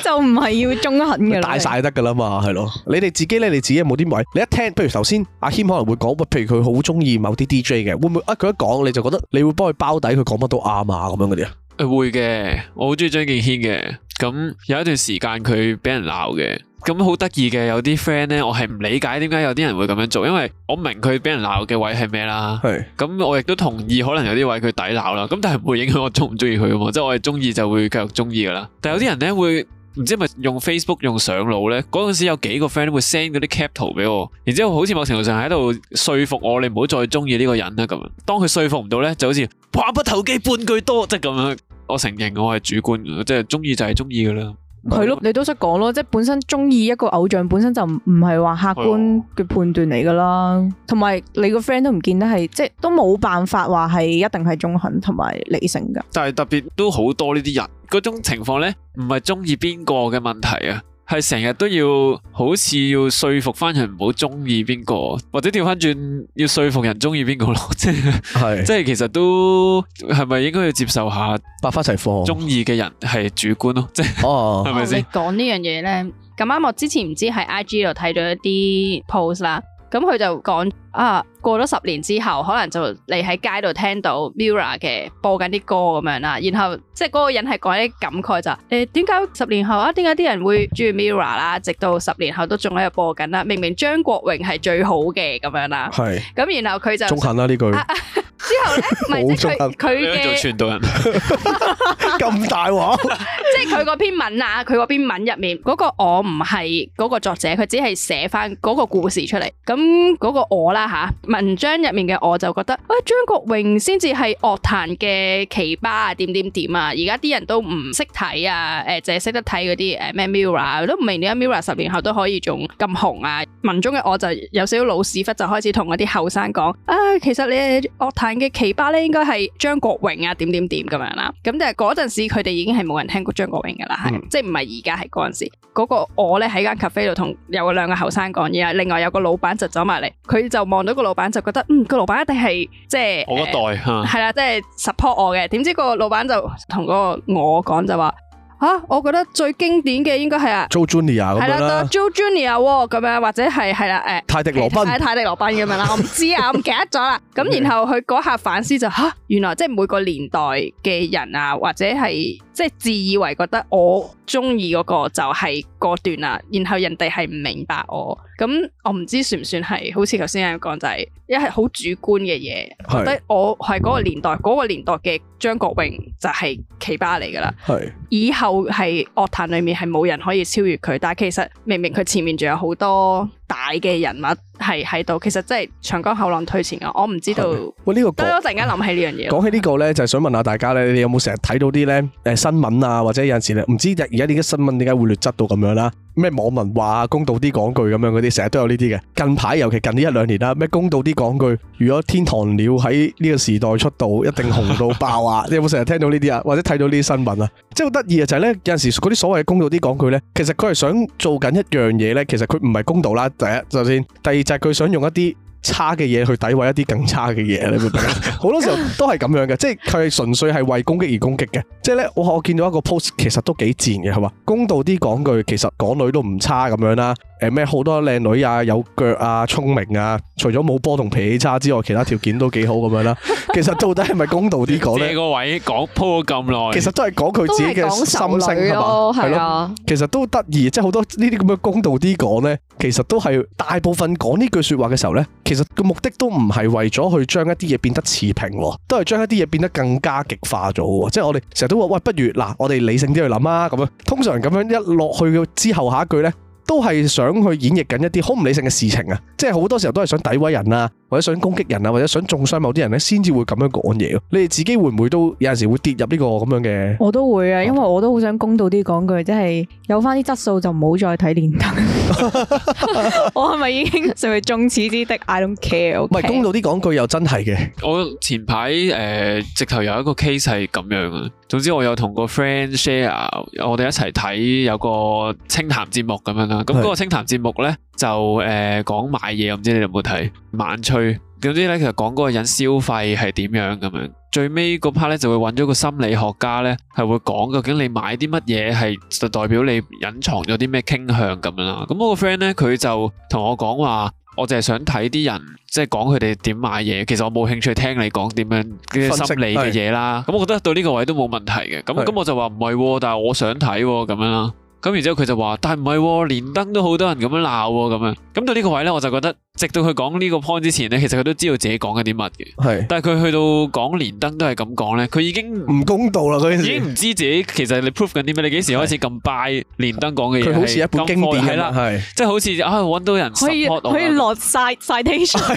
B: 就唔係要中肯嘅。大
A: 晒得噶啦嘛，係咯？你哋自己咧，你自己有冇啲位？你一聽，譬如頭先阿謙可能會講，譬如佢好中意某啲 DJ 嘅，會唔會啊？佢一講，你就覺得你會幫佢包底，佢講乜都啱啊，咁樣嗰啲啊？啊
E: 誒會嘅，我好鍾意張敬軒嘅，咁有一段時間佢畀人鬧嘅，咁好得意嘅，有啲 friend 咧，我係唔理解點解有啲人會咁樣做，因為我明佢畀人鬧嘅位係咩啦，係，咁我亦都同意可能有啲位佢抵鬧啦，咁但係唔會影響我鍾唔鍾意佢噶嘛，即係我係鍾意就會繼續鍾意噶啦，但係有啲人咧會。唔知咪用 Facebook 用上腦咧？嗰陣時有幾個 friend 會 send 嗰啲 cap 圖俾我，然之後好似某程度上喺度說服我，你唔好再中意呢個人啦咁。當佢說服唔到咧，就好似話不投機半句多，即係咁樣。我承認我係主觀，即係中意就係中意噶啦。係咯，
B: 你都識講咯，即係本身中意一個偶像本身就唔唔係話客觀嘅判斷嚟噶啦，同埋了你個 friend 都唔見得係，即係都冇辦法話係一定係中肯同埋理性噶。
E: 但係特別都好多呢啲人嗰種情況咧，唔係中意邊個嘅問題啊。係成日都要好似要說服翻人唔好中意邊個，或者調翻轉要說服人中意邊個咯， 是 即係即係其實都係咪應該要接受下百花齊放，中意嘅人係主觀咯，即 係 哦，係咪先
D: 講呢樣嘢咧？咁啱我之前唔知喺 I G 度睇咗一啲 post 啦，咁佢就講。啊！過咗十年之後，可能就你喺街度聽到 Mirror 嘅播緊啲歌咁樣啦，然後即係嗰個人係講啲感慨就誒點解十年後啊？點解啲人會中意 Mirror 啦？直到十年後都仲喺度播緊啦。明明張國榮係最好嘅咁樣啦，係咁，然後佢就中肯
A: 啦呢句。之後咧，唔係即
E: 係佢嘅傳道人咁大話，
D: 即係佢嗰篇文啊，佢嗰篇文入面嗰個我唔係嗰個作者，佢只係寫翻嗰個故事出嚟，咁嗰個我啦。啊！文章入面嘅我就覺得，啊、哎、張國榮先至係樂壇嘅奇葩啊，點點點啊！而家啲人都唔識睇啊，誒、呃，淨係識得睇嗰啲誒咩、呃、mirror，都唔明點解 mirror 十年後都可以仲咁紅啊！文中嘅我就有少少老屎忽，就開始同嗰啲後生講啊，其實你哋樂壇嘅奇葩咧，應該係張國榮啊，點點點咁樣啦、啊。咁但係嗰陣時佢哋已經係冇人聽過張國榮噶啦，係即係唔係而家係嗰陣時嗰、嗰個我咧喺間 cafe 度同有兩個後生講嘢，另外有個老闆就走埋嚟，佢就。望到個老闆就覺得，嗯，個老闆一定係即係，我一
E: 代，係
D: 啦，即係 support 我嘅。點知個老闆就同嗰個我講就話，啊，我覺得最經典嘅應該係啊，Joe
A: Junior 咁樣啦，Joe
D: Junior 咁樣或者係係啦，誒、呃，泰迪羅賓，泰迪羅賓咁樣啦，我唔知啊， 我唔記得咗啦。咁 然後佢嗰下反思就吓、啊，原來即係每個年代嘅人啊，或者係即係自以為覺得我。中意嗰個就係嗰段啦，然後人哋係唔明白我，咁我唔知算唔算係好似頭先咁樣講，就係一係好主觀嘅嘢，是覺得我係嗰個年代嗰、嗰個年代嘅張國榮就係奇葩嚟噶啦，係是以後係樂壇裡面係冇人可以超越佢，但係其實明明佢前面仲有好多。大嘅人物係喺度，其實真係長江後浪推前浪。我唔知道，所以我突然間諗起呢樣嘢。講
A: 起呢個咧，就係想問下大家咧，你有冇成日睇到啲咧誒新聞啊，或者有陣時咧唔知而家點解新聞點解會劣質到咁樣啦？咩網民話公道啲講句咁樣嗰啲，成日都有呢啲嘅。近排尤其近呢一兩年啦，咩公道啲講句，如果天堂鳥喺呢個時代出道，一定紅到爆啊！你有冇成日聽到呢啲啊？或者睇到呢啲新聞啊？即係好得意啊！就係咧有陣時嗰啲所謂公道啲講句咧，其實佢係想做緊一樣嘢咧，其實佢唔係公道啦。第一，首先，第二就係佢想用一啲，差嘅嘢去詆毀一啲更差嘅嘢，你明唔明？好 多時候都係咁樣嘅，即係佢係純粹係為攻擊而攻擊嘅。即係咧，我我見到一個 post 其實都幾賤嘅，係嘛？公道啲講句，其實港女都唔差咁樣啦。誒咩？好多靚女啊，有腳啊，聰明啊，除咗冇波同脾氣差之外，其他條件都幾好咁樣啦。 其實到底係咪公道啲講呢？
E: 借個位講 po 咗咁耐，其實都係講佢自己嘅心聲係嘛？係咯，
A: 其實都得意，即係好多呢啲咁嘅公道啲講咧，其實都係大部分講呢句說話嘅時候咧。其實個目的都唔係為咗去將一啲嘢變得持平，都係將一啲嘢變得更加極化咗。即係我哋成日都話，喂，不如嗱，我哋理性啲去諗啊。咁樣通常咁樣一落去之後，下一句呢都係想去演繹緊一啲好唔理性嘅事情啊。即係好多時候都係想詆毀人啊，或者想攻擊人啊，或者想中傷某啲人呢先至會咁樣講嘢。你哋自己會唔會都有陣時會跌入呢個咁樣嘅？
B: 我都會啊，因為我都好想公道啲講句，即係有翻啲質素就唔好再睇連登。 我係咪已經成為眾矢之
A: 的？I don't care, okay? 唔係，公道啲講句又真係嘅。
E: 我前排誒，呃、直頭有一個 case 係咁樣啊。總之我有同個 friend share，我哋一齊睇有個清談節目咁樣啦。咁嗰個清談節目咧是的 就誒講、呃、買嘢，我唔知你有冇睇，晚吹，總之咧其實講嗰個人消費係點樣咁樣。最尾嗰 part 咧，就會揾咗個心理學家咧，係會講究竟你買啲乜嘢係就代表你隱藏咗啲咩傾向咁樣啦。咁我個 friend 咧，佢就同我講話，我淨係想睇啲人即係講佢哋點買嘢。其實我冇興趣聽你講點樣嘅心理嘅嘢啦。咁我覺得對呢個位都冇問題嘅。咁咁我就話唔係，但係我想睇喎，咁樣啦。咁然之後佢就話，但係唔係連登都好多人咁樣鬧喎咁啊！咁到呢個位咧，我就覺得，直到佢講呢個 point 之前咧，其實佢都知道自己講緊啲乜嘢。係。但係佢去到講連登都係咁講咧，佢已經
A: 唔公道啦。佢已經唔
E: 知道自己其實你 prove 緊啲咩？你幾時開始咁 buy 連登講嘅嘢？佢好似一本經典係即係好似啊，搵到人可以落 cite citation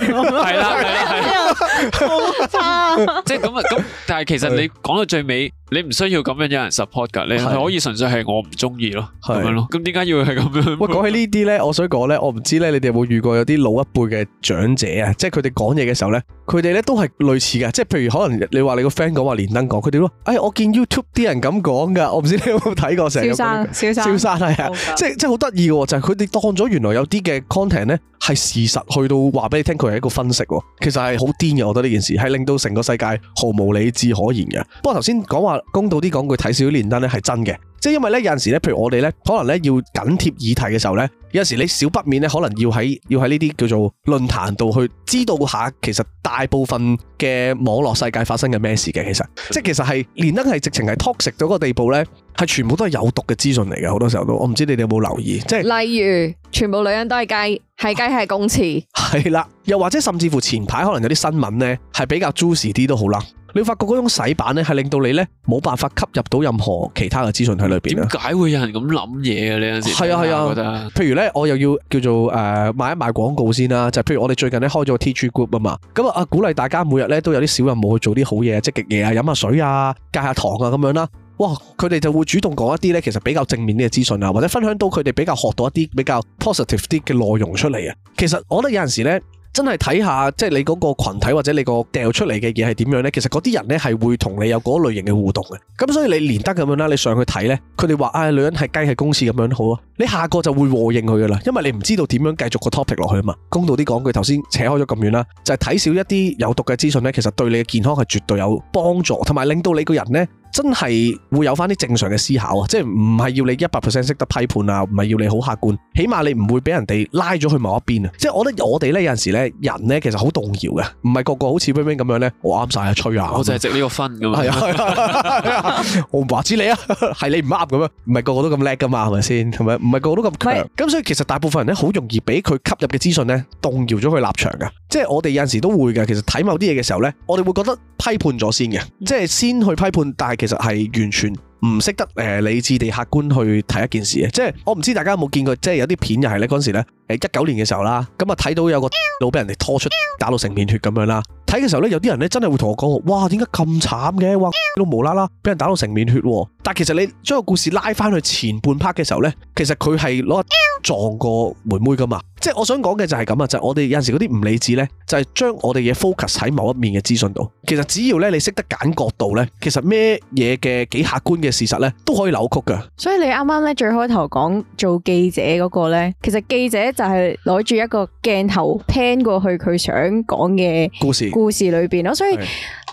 E: 即係咁，但係其實你講到最尾。你唔需要咁樣有人 support 㗎，你可以純粹係我唔中意咯，咁是的 樣咯。
A: 咁點解要係咁樣？喂，講起呢啲咧，我想講咧，我唔知咧，你哋有冇遇過有啲老一輩嘅長者啊？即係佢哋講嘢嘅時候咧，佢哋咧都係類似嘅。即係譬如可能你，你話你個 friend 講話連登講，佢哋都，哎，我見 YouTube 啲人咁講㗎，我唔知你有冇睇過成日小生，小生，小生係啊的好的，即係即係好得意喎，就係佢哋當咗原來有啲嘅 content 咧係事實，去到話俾你聽，佢係一個分析。其實係好癲嘅，我覺得呢件事係令到成個世界毫無理智可言嘅。不過頭先講話。公道啲講句，睇少啲連登咧係真嘅。即因為咧，有陣時咧，譬如我哋咧，可能咧要緊貼議題嘅時候咧，有陣時你少不免咧，可能要喺要喺呢啲叫做論壇度去知道下，其實大部分嘅網絡世界發生緊咩事嘅，其實、嗯、即係其實係連登係直情係 toxic 到個地步咧，係全部都係有毒嘅資訊嚟嘅，好多時候都，我唔知你哋有冇留意，即
C: 係例如全部女人都係雞，係雞係公廁，
A: 係啦、啊，又或者甚至乎前排可能有啲新聞咧，係比較 juicy 啲都好啦。你發覺嗰種洗版咧，係令到你咧冇辦法吸入到任何其他嘅資訊去。點解會有人咁諗嘢嘅呢？陣時係啊係啊，啊譬如呢，我又要叫做誒、呃，賣一賣廣告先啦。就是、譬如我哋最近呢開咗個 T G Group 啊嘛，咁啊啊鼓勵大家每日呢都有啲小任務去做啲好嘢、積極嘢啊，飲下水啊，戒下糖啊咁樣啦。哇，佢哋就會主動講一啲呢其實比較正面啲嘅資訊啊，或者分享到佢哋比較學到一啲比較 positive 啲嘅內容出嚟。啊其實我覺得有陣時呢，真係睇下，即係你嗰個群體或者你個掉出嚟嘅嘢係點樣呢？其實嗰啲人呢係會同你有嗰類型嘅互動嘅。咁所以你連登咁樣啦，你上去睇呢，佢哋話啊，女人係雞係公廁咁樣都好啊。你下個就會和應佢噶啦，因為你唔知道點樣繼續個 topic 落去啊嘛。公道啲講句，頭先扯開咗咁遠啦，就係睇少一啲有毒嘅資訊呢。其實對你嘅健康係絕對有幫助，同埋令到你個人呢。真係會有翻啲正常嘅思考啊！即係唔係要你一百 percent 識得批判啊，唔係要你好客觀，起碼你唔會俾人哋拉咗去某一邊啊！即係我覺得我哋咧有陣時咧人咧其實好動搖嘅，唔係個個邊邊、哦、好似 Ben 咁樣咧、 啊啊，我啱晒啊吹啊！我就係值
E: 呢個分㗎嘛。
A: 啊，我話知你啊，係你唔啱咁樣，唔係個個都咁叻㗎嘛，係咪先？係咪？唔係個個都咁強。咁是所以其實大部分人咧好容易俾佢吸入嘅資訊咧動搖咗佢立場㗎。即、就、係、是、我哋有陣時都會嘅，其實睇某啲嘢嘅時候咧，我哋會覺得批判咗先嘅，即係先去批判，但係其實係完全唔識得誒，理智地客觀去睇一件事嘅。即係我唔知大家有冇見過，即係有啲片又係咧，嗰陣時咧，誒一九年嘅時候啦，咁啊睇到有個腦俾人哋拖出，打到成片血咁樣啦。睇嘅時候咧，有啲人咧真係會同我講：哇，點解咁慘嘅？哇，都無啦啦，俾人打到成面血。但係其實你將個故事拉翻去前半 part 嘅時候咧，其實佢係攞撞個妹妹噶嘛。即係我想講嘅就係咁啊，就係我哋有陣時嗰啲唔理智咧，就係將我哋嘢 focus 喺某一面嘅資訊度。其實只要咧你識得揀角度咧，其實咩嘢嘅幾客觀嘅事實咧都可以扭曲噶。
B: 所以你啱啱咧最開頭講做記者嗰個咧，其實記者就係攞住一個鏡頭 pan 過去佢想講嘅故事。故事故事裏邊咯，所以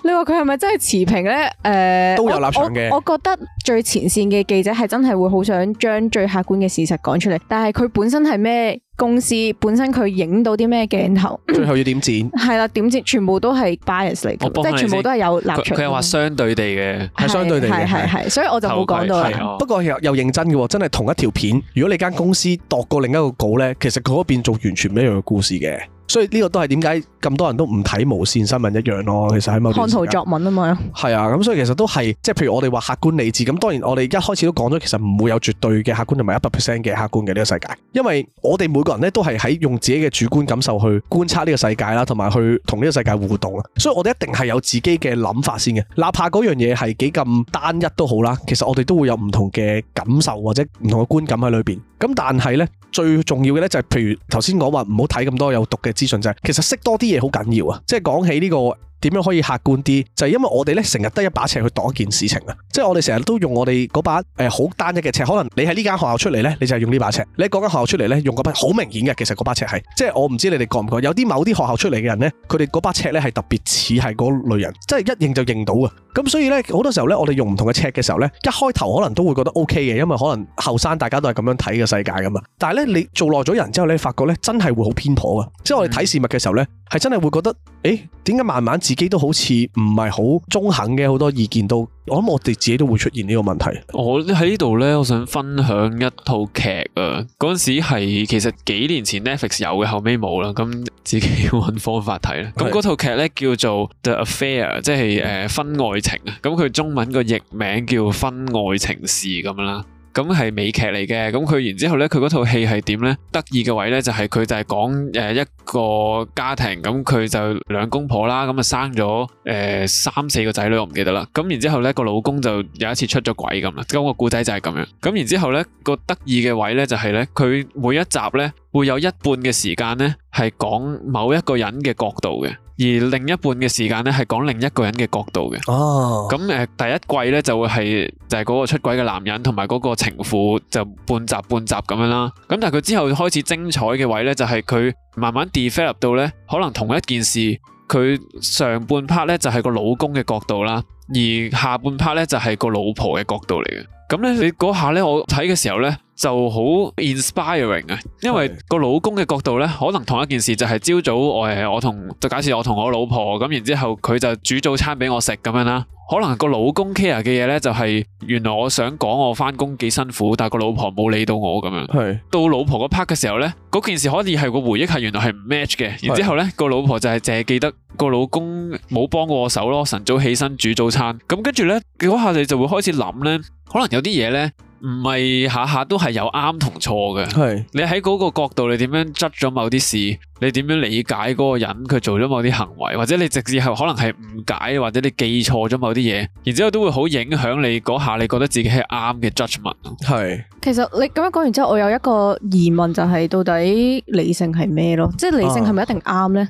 B: 你話佢係咪真係持平咧？誒、呃，都有立場嘅。我覺得最前線嘅記者係真係會好想將最客觀嘅事實講出嚟，但係佢本身係咩公司，本身佢影到啲咩鏡頭，
A: 最後要點剪？
B: 係啦， 點剪？全部都係 bias 嚟嘅，幫即係全部都係有立場。佢係話
A: 相對地嘅，係相對地嘅，係係。所以我就冇講到。啊、不過又又認真嘅，真係同一條片。如果你間公司度過另一個稿咧，其實嗰邊做完全唔一樣嘅故事嘅。所以呢個都係點解咁多人都唔睇無線新聞一樣咯，啊？其實喺某啲看圖作文啊嘛，係啊，咁所以其實都係即係譬如我哋話客觀理智咁，當然我哋一開始都講咗，其實唔會有絕對嘅客觀同埋一百 percent 嘅客觀嘅呢個世界，因為我哋每個人咧都係喺用自己嘅主觀感受去觀察呢個世界啦，同埋去同呢個世界互動啊，所以我哋一定係有自己嘅諗法先嘅，哪怕嗰樣嘢係幾咁單一都好啦，其實我哋都會有唔同嘅感受或者唔同嘅觀感喺裏邊。咁但係咧最重要嘅咧就係譬如頭先講話唔好睇咁多有毒嘅資訊就係，其實識多啲嘢好緊要啊！即係講起呢個。點樣可以客觀啲？就係因為我哋咧，成日得一把尺去度一件事情啊！即係我哋成日都用我哋嗰把誒好、呃、單一嘅尺，可能你喺呢間學校出嚟咧，你就係用呢把尺；你喺嗰間學校出嚟咧，用嗰把好明顯嘅。其實嗰把尺係，即係我唔知你哋覺唔覺？有啲某啲學校出嚟嘅人咧，佢哋嗰把尺咧係特別似係嗰類人，即係一認就認到啊！咁所以咧，好多時候咧，我哋用唔同嘅尺嘅時候咧，一開頭可能都會覺得 OK 嘅，因為可能後生大家都係咁樣睇嘅世界噶嘛。但係咧，你做耐咗人之後咧，你發覺咧真係會好偏頗啊。即係我哋睇事物嘅時候咧。係真係會覺得，誒、欸，點解慢慢自己都好似唔係好中肯嘅，好多意見都？到我諗我哋自己都會出現呢個問題。
E: 我喺呢度咧，我想分享一套劇啊。嗰陣時係其實幾年前 Netflix 有嘅，後尾冇啦。咁自己要揾方法睇啦。咁嗰套劇咧叫做呃，《The Affair》，即係誒分愛情啊。咁佢中文個譯名叫《分愛情事》咁啦。咁係美劇嚟嘅，咁佢然之後呢，佢嗰套戲係點呢？得意嘅位呢就係、是、佢就係講誒一個家庭，咁佢就兩公婆啦，咁啊生咗誒、呃、三四個仔女，我唔記得啦。咁然之後咧個老公就有一次出咗軌咁啦，咁、個故仔就係咁樣。咁然之後咧、個得意嘅位呢就係呢，佢、就是、每一集呢會有一半嘅時間呢係講某一個人嘅角度嘅。而另一半嘅時間咧，係講另一個人嘅角度嘅。哦、oh.，咁、呃、誒，第一季咧就會係就係、是、嗰個出軌嘅男人同埋嗰個情婦，就半集半集咁樣啦。咁但係佢之後開始精彩嘅位咧，就係、是、佢慢慢 develop 到咧，可能同一件事，佢上半 part 咧就係、是、個老公嘅角度啦，而下半 part 咧就係、是、個老婆嘅角度嚟嘅。咁咧，你嗰下咧，我睇嘅時候咧。就好 inspiring 啊，因為個老公嘅角度呢，可能同一件事就係朝早我我同就假設我同我老婆咁，然之後佢就煮早餐俾我食咁樣啦。可能個老公 care 嘅嘢呢，就係原來我想講我翻工幾辛苦，但係個老婆冇理到我咁樣。係是到老婆嗰 part 嘅時候呢，嗰件事可以係個回憶，係原來係唔 match 嘅。然之後呢，個是老婆就係淨係記得個老公冇幫過我手咯，晨早起身煮早餐。咁跟住呢，嗰下你就會開始諗呢，可能有啲嘢呢。唔係下下都係有啱同錯嘅。係是你喺嗰個角度，你點樣執咗某啲事？你點樣理解嗰個人佢做咗某啲行為？或者你直接係可能係誤解，或者你記錯咗某啲嘢，然之後都會好影響你嗰下你覺得自己係啱嘅 judgement。係
B: 是其實你咁樣講完之後，我有一個疑問就係到底理性係咩咯？即係理性係咪一定啱咧？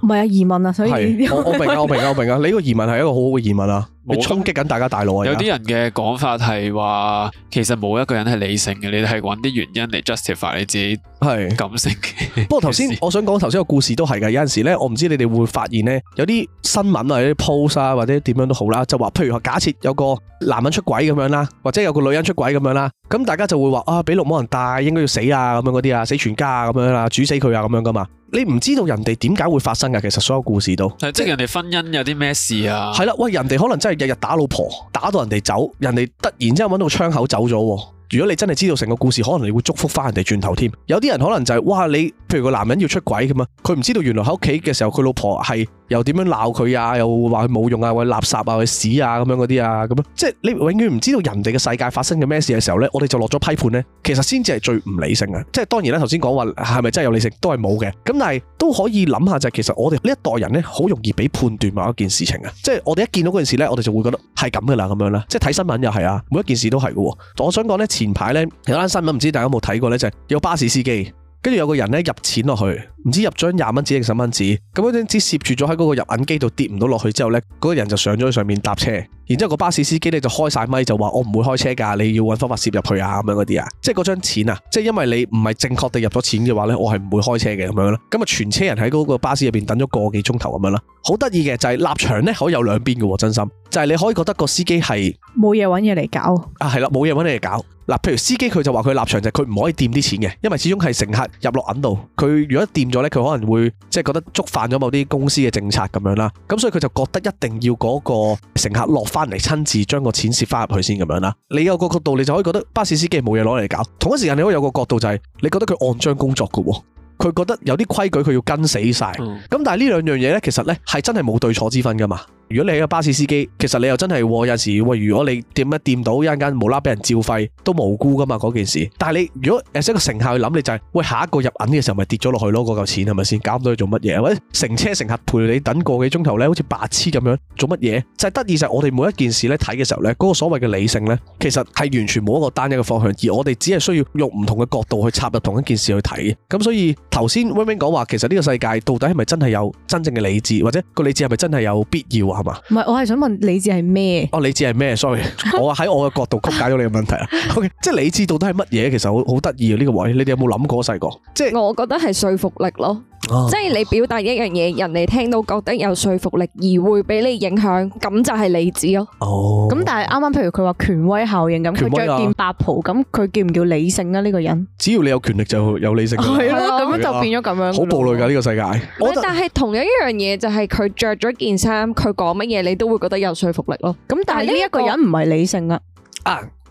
A: 唔係啊，啊疑問啊，所以我我明白啊我明啊我明啊， 你個疑問係一個好好嘅疑問啊。你衝擊緊大家大腦啊！有啲人
E: 嘅講法係話，其實冇一個人係理性嘅，你哋係揾啲原因嚟 justify 你自己係感性是。
A: 不過頭先 我想講頭先個故事都係嘅，有陣時咧，我唔知你哋會發現咧，有啲新聞啊、啲 post 啊，或者點樣都好啦，就話譬如假設有個男人出軌咁樣啦，或者有個女人出軌咁樣啦，咁大家就會話啊，俾綠帽人戴應該要死啊，咁樣嗰啲啊，死全家啊，咁樣啦，煮死佢啊，咁樣噶嘛。你唔知道人哋點解會發生噶？其實所有故事都
E: 係即係人哋婚姻有啲咩事啊？
A: 係啦，喂，人哋可能真係。日日打老婆，打到人哋走，人哋突然之間揾到窗口走咗。如果你真係知道成個故事，可能你會祝福翻人哋轉頭添。有啲人可能就係、是，哇，你。譬如個男人要出軌咁嘛，佢唔知道原來喺屋企嘅時候，佢老婆係又點樣鬧佢啊，又話佢冇用啊，喂垃圾啊，喂屎啊，咁樣嗰啲啊，咁啊，即係你永遠唔知道人哋嘅世界發生咗咩事嘅時候呢，我哋就落咗批判呢，其實先至係最唔理性嘅，即係當然啦，頭先講話係咪真係有理性都係冇嘅，咁但係都可以諗下就係，其實我哋呢一代人呢，好容易俾判斷某一件事情啊，即係我哋一見到嗰件事呢，我哋就會覺得係咁噶啦，咁樣啦，即係睇新聞又係啊，每一件事都係嘅。我想講呢，前排呢，有一單新聞，唔知大家有冇睇過呢，就係、是、有巴士司機。跟住有個人咧，入錢落去。唔知入咗廿蚊紙定十蚊紙，咁嗰張紙攝住咗喺嗰個入銀機度跌唔到落去之後呢，嗰、那個人就上咗去上面搭車，然之後個巴士司機咧就開晒咪就話我唔會開車噶，你要揾方法攝入去啊咁樣嗰啲啊，即係嗰張錢啊，即係因為你唔係正確地入咗錢嘅話呢，我係唔會開車嘅咁樣咯。咁啊，全車人喺嗰個巴士入邊等咗個幾鐘頭咁樣啦，好得意嘅就係、是、立場呢，可以有兩邊嘅，真心就係、是、你可以覺得個司機係
B: 冇嘢揾嘢嚟搞
A: 啊係啦，冇嘢揾你嚟搞嗱。譬如司機佢就話佢立場就係佢唔可以掂啲錢嘅，因為始終係乘客入落銀度，佢如果掂。佢可能會即係覺得觸犯咗某啲公司嘅政策咁樣啦，咁所以佢就覺得一定要嗰個乘客落翻嚟親自將個錢蝕翻入去先咁樣啦。你有個角度你就可以覺得巴士司機冇嘢攞嚟搞，同一時間你可以有個角度就係你覺得佢按章工作噶喎佢覺得有啲規矩佢要跟死晒。咁、嗯、但係呢兩樣嘢呢，其實呢係真係冇對錯之分噶嘛如果你係個巴士司機，其實你又真係、哦、有時喂，如果你掂一掂到一陣間冇啦，俾人照肺都無辜噶嘛嗰件事。但係你如果 as 一個乘客去諗，你就係、是、喂下一個入銀嘅時候，咪跌咗落去咯，嗰嚿錢係咪先搞唔到佢做乜嘢？或者乘車乘客陪你等個幾鐘頭咧，好似白痴咁樣做乜嘢？就係得意就係我哋每一件事咧睇嘅時候咧，嗰、那個所謂嘅理性咧，其實係完全冇一個單一嘅方向，而我哋只係需要用唔同嘅角度去插入同一件事去睇嘅。咁所以頭先 wing wing 講話，其實呢個世界到底係咪真係有真正嘅理智，或者個理智係咪真係有必要啊？係
B: 嘛？唔係，我係想問理智係咩？
A: 哦，理智係咩？sorry，我喺我嘅角度曲解咗你嘅問題啦。 okay，即係理智到底係乜嘢？其實好好得意啊。呢個位，你哋有冇諗過細個？
C: 即係我覺得係說服力咯。哦、即係你表達一樣嘢，人哋聽到覺得有說服力而會俾你影響，咁就係理智咯。哦，
B: 咁但係啱啱，譬如佢話權威效應咁，着蚊、啊、件白袍，咁佢叫唔叫理性啊？呢、呢個人，
A: 只要你有權力就有理性，係咯，咁樣就變咗咁樣。好暴利暴戾噶，呢個世界。
C: 我的 但係同樣一樣嘢就係佢着咗件衫，佢講乜嘢你都會覺得有說服力咯。
B: 咁但係呢一個人唔係理性啊。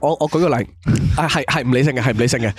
A: 我我舉個例，啊係係唔理性嘅，係唔理性嘅。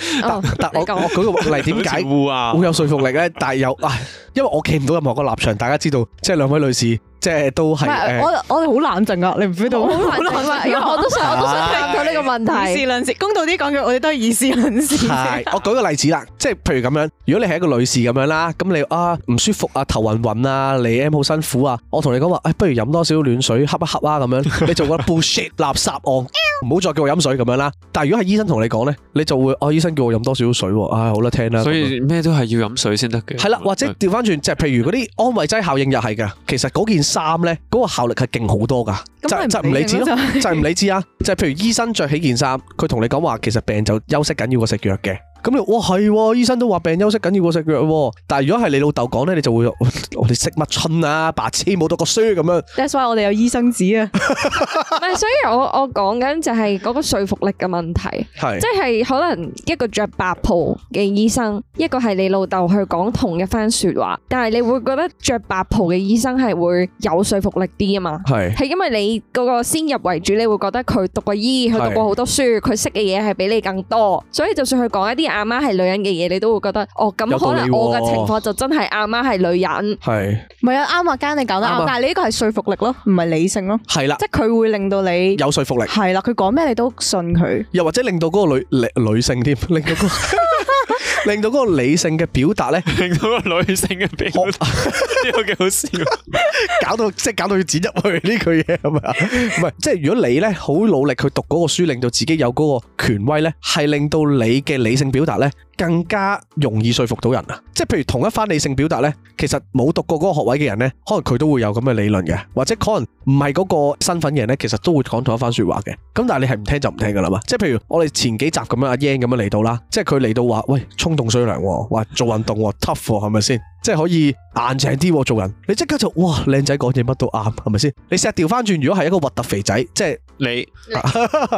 A: 但但我我舉個例，點解好有說服力咧？但係有啊，因為我企唔到任何個立場。大家知道，即係兩位女士，即係都係。我
B: 我哋好冷靜噶，你唔喺度。我都想，我都想聽
A: 到呢個問題。事
B: 論事，公道啲講句，我哋都係以事論
A: 事。我舉個例子啦，即係譬如咁樣，如果你係一個女士咁樣啦，咁你啊唔舒服啊，頭暈暈啊，你 M 好辛苦啊，我同你講話，不如飲多少暖水，恰一恰啦，咁樣，你做個 bullshit 垃圾案。唔好再叫我飲水咁樣啦，但係如果係醫生同你講咧，你就會哦，醫生叫我飲多少水，唉，好啦，聽啦，所
E: 以咩都係要飲水先得嘅。係啦，或
A: 者調翻轉，即係譬如嗰啲安慰劑效應又係噶，其實嗰件衫咧嗰個效力係勁好多噶，不不就就唔理智咯，就係唔理智啊，就係譬如醫生着起件衫，佢同你講話，其實病就休息緊要過食藥嘅。咁你哇係，醫生都話病休息緊要過食藥喎。但係如果係你老豆講咧，你就會話我哋食乜春啊，白痴冇讀過書咁樣。That's why 我哋有醫生紙啊。
C: 唔係， 所以我我講緊就係嗰個說服力嘅問題，係即係可能一個着白袍嘅醫生，一個係你老豆去講同一番説話，但係你會覺得着白袍嘅醫生係會有說服力啲啊嘛。係係是因為你嗰個先入為主，你會覺得佢讀過醫，佢讀過好多書，佢識嘅嘢係比你更多，所以就算佢講一啲阿媽係女人嘅嘢，你都會覺得哦，咁可能我嘅情況就真係阿媽係女人，
A: 係、
B: 啊是，咪？係啊？啱啊，啱啱你講得啱，但係你呢個係說服力咯，唔係理性咯，係啦了，即係佢會令到你有說服力，係啦，佢講咩你都信佢，
A: 又或者令到嗰個女女女性添，令到個。 令到嗰個理性嘅表達咧， 令到個女性嘅表達，
E: 呢個幾好笑，
A: 搞到即係、即係、搞到要剪入去呢句嘢係咪啊？唔 係，即係如果你咧好努力去讀嗰個書，令到自己有嗰個權威咧，係令到你嘅理性表達咧，更加容易説服到人啊！即係譬如同一番理性表達呢，其實冇讀過嗰個學位嘅人呢，可能佢都會有咁嘅理論嘅，或者可能唔係嗰個身份嘅人呢，其實都會講同一番説話嘅。咁但係你係唔聽就唔聽㗎啦嘛！即係譬如我哋前幾集咁樣阿 Yan 咁樣嚟到啦，即係佢嚟到話：喂，衝動衰糧喎，做運動喎、啊、 ，tough 喎、啊，係咪先？即係可以硬淨啲喎，做人，你即刻就哇，靚仔講嘢乜都啱，係咪先？你試調返轉，如果係一個核突肥仔，即係你，啊、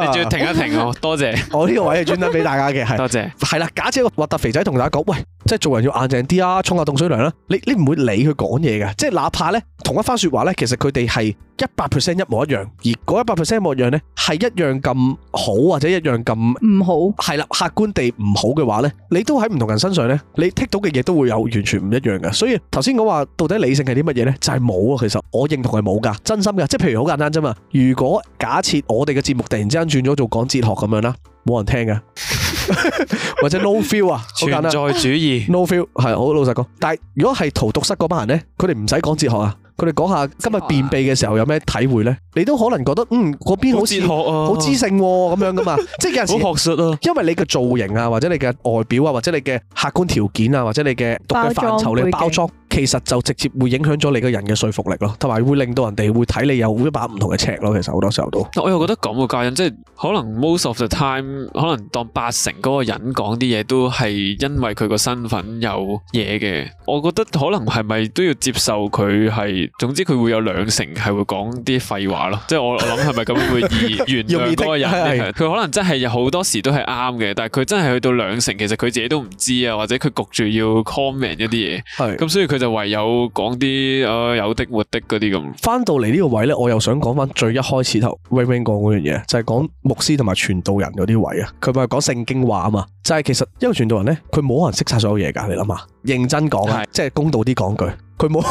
A: 你仲要停一停哦，
E: 多謝。我呢個位係專登俾
A: 大家嘅，係多謝。係啦，假設一個核突肥仔同大家講，喂。即係做人要硬淨啲啊，沖下凍水涼啦、啊。你你唔會理佢講嘢嘅，即係哪怕咧同一番說話咧，其實佢哋係一百 percent 一模一樣，而嗰一百 percent 一模一樣咧係一樣咁好或者一樣咁唔好。係啦，客觀地唔好嘅話咧，你都喺唔同人身上咧，你剔到嘅嘢都會有完全唔一樣嘅。所以頭先講話到底理性係啲乜嘢咧，就係冇啊。其實我認同係冇噶真心噶。即係譬如好簡單啫嘛。如果假設我哋嘅節目突然之間轉咗做講哲學咁樣啦，冇人聽嘅。 或者 no feel 啊，存在主義 no feel，係好老實講，但係如果係圖讀室嗰班人咧，佢哋唔使講哲學啊，佢哋講下今日便秘嘅時候有咩體會咧，你都可能覺得嗯嗰邊好似哲學啊，好知性咁樣噶嘛，即係有時好學術啊，因為你嘅造型啊，或者你嘅外表啊，或者你嘅客觀條件啊，或者你嘅讀嘅範疇你包裝。其實就直接會影響咗你個人嘅說服力咯，同埋會令到人哋會睇你有一把唔同嘅尺咯。其實好多時候都。
E: 我又覺得咁嘅教人，即係可能 most of the time，可能當八成嗰個人講啲嘢都係因為佢個身份有嘢嘅。我覺得可能係咪都要接受佢係，總之佢會有兩成係會講啲廢話咯。即係我我諗係咪咁樣會以 原諒嗰個人咧？佢 的可能真係好多時都係啱嘅，但係佢真係去到兩成，其實佢自己都唔知啊，或者佢焗住要 comment 一啲嘢。咁的所以佢。就唯有講啲誒有的沒的嗰啲咁，
A: 翻到嚟呢個位咧，我又想講翻最一開始頭 Wing Wing 講嗰樣嘢，就係、是、講牧師同埋傳道人嗰啲位啊，佢咪講聖經話啊嘛，就係、是、其實因為傳道人咧，佢冇可能識晒所有嘢噶，你諗下，認真講啊，的即係公道啲講句。佢
E: 冇，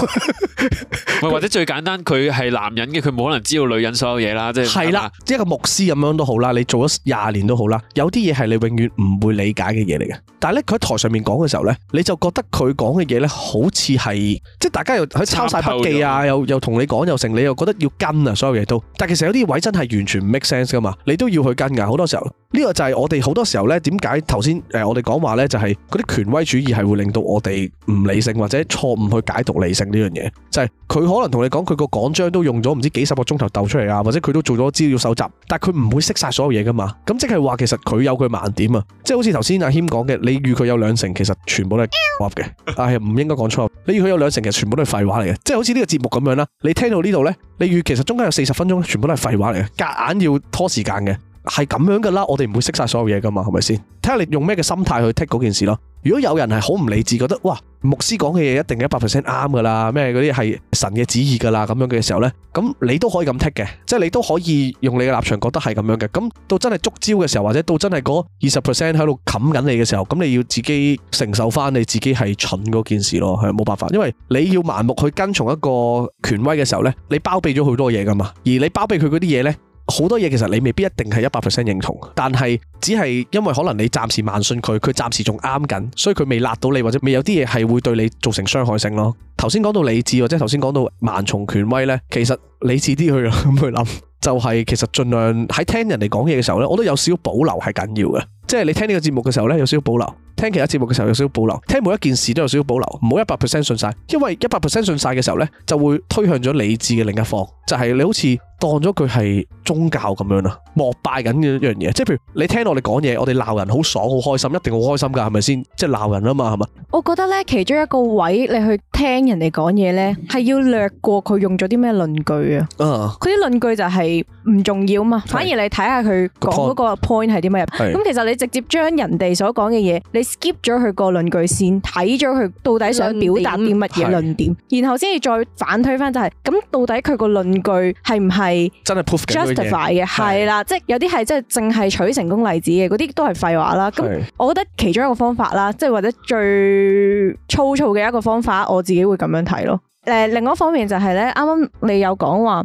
E: 他 或者最簡單，佢係男人嘅，佢冇可能知道女人所有嘢啦，即係係啦，
A: 吧一個牧師咁樣都好啦，你做咗廿年都好啦，有啲嘢係你永遠唔會理解嘅嘢嚟嘅。但係咧，佢喺台上面講嘅時候咧，你就覺得佢講嘅嘢咧，好似係即係大家又喺抄晒筆記啊，又又同你講又成，你又覺得要跟啊所有嘢都。但其實有啲位真係完全唔 make sense 噶嘛，你都要去跟㗎。好多時候呢、呢個就係我哋好多時候咧，點解頭先誒我哋講話咧、就是，就係嗰啲權威主義係會令到我哋唔理性或者錯誤去解讀。理性呢樣嘢就係、是、佢可能同你講佢個講章都用咗唔知幾十個鐘頭鬥出嚟啊，或者佢都做咗資料搜集，但係佢唔會識晒所有嘢噶嘛。咁即係話其實佢有佢盲點啊，即係好似頭先阿謙講嘅，你預佢有兩成其實全部都係錯嘅，但係唔應該講錯。你預佢有兩成其實全部都係廢話嚟嘅，即係好似呢個節目咁樣啦。你聽到呢度呢，你預其實中間有四十分鐘，全部都係廢話嚟嘅，夾硬要拖時間嘅。係咁樣噶啦，我哋唔會識晒所有嘢噶嘛，係咪先？睇下你用咩嘅心態去剔嗰件事咯。如果有人係好唔理智，覺得哇牧師講嘅嘢一定係一百 percent 啱噶啦，咩嗰啲係神嘅旨意噶啦咁樣嘅時候呢，咁你都可以咁剔嘅，即係你都可以用你嘅立場覺得係咁樣嘅。咁到真係捉招嘅時候，或者到真係嗰二十 percent 喺度冚緊你嘅時候，咁你要自己承受翻你自己係蠢嗰件事咯，係冇辦法。因為你要盲目去跟從一個權威嘅時候呢，你包庇咗好多嘢噶嘛，而你包庇佢嗰啲嘢呢。好多嘢其實你未必一定係一百 percent 認同，但係只係因為可能你暫時盲信佢，佢暫時仲啱緊，所以佢未辣到你，或者未有啲嘢係會對你造成傷害性咯。頭先講到理智，或者頭先講到盲從權威呢，其實理智啲去咁去諗， 就係其實盡量喺聽人哋講嘢嘅時候呢，我都有少少保留係緊要嘅，即係你聽呢個節目嘅時候呢，有少少保留，聽其他節目嘅時候有少少保留，聽每一件事都有少少保留，唔好一百 percent 信晒，因為一百 percent 信晒嘅時候呢，就會推向咗理智嘅另一方，就係你好似。當咗佢係宗教咁樣啊，膜拜緊嘅一樣嘢。即係譬如你聽我哋講嘢，我哋鬧人好爽，好開心，一定好開心噶，係咪先？即係鬧人啊嘛，係咪？
B: 我覺得咧，其中一個位你去聽人哋講嘢咧，係要略過佢用咗啲咩論據啊。嗯。佢啲論據就係唔重要啊嘛。啊反而你睇下佢講嗰個 point 係啲乜嘢。咁係其實你直接將人哋所講嘅嘢，你 skip 咗佢個論據先，睇咗佢到底想表達啲乜嘢論點，係然後先至再反推翻就係、係，咁到底佢個論據係唔係？係真係 justify 嘅，係啦，的即係有啲係即係淨係取成功例子嘅，嗰啲的都係廢話啦。咁，是的 我覺得其中一個方法啦，即係是的 或者最粗糙嘅一個方法，我自己會咁樣睇咯。誒、呃，另外一方面就係、是、咧，啱啱你有講話，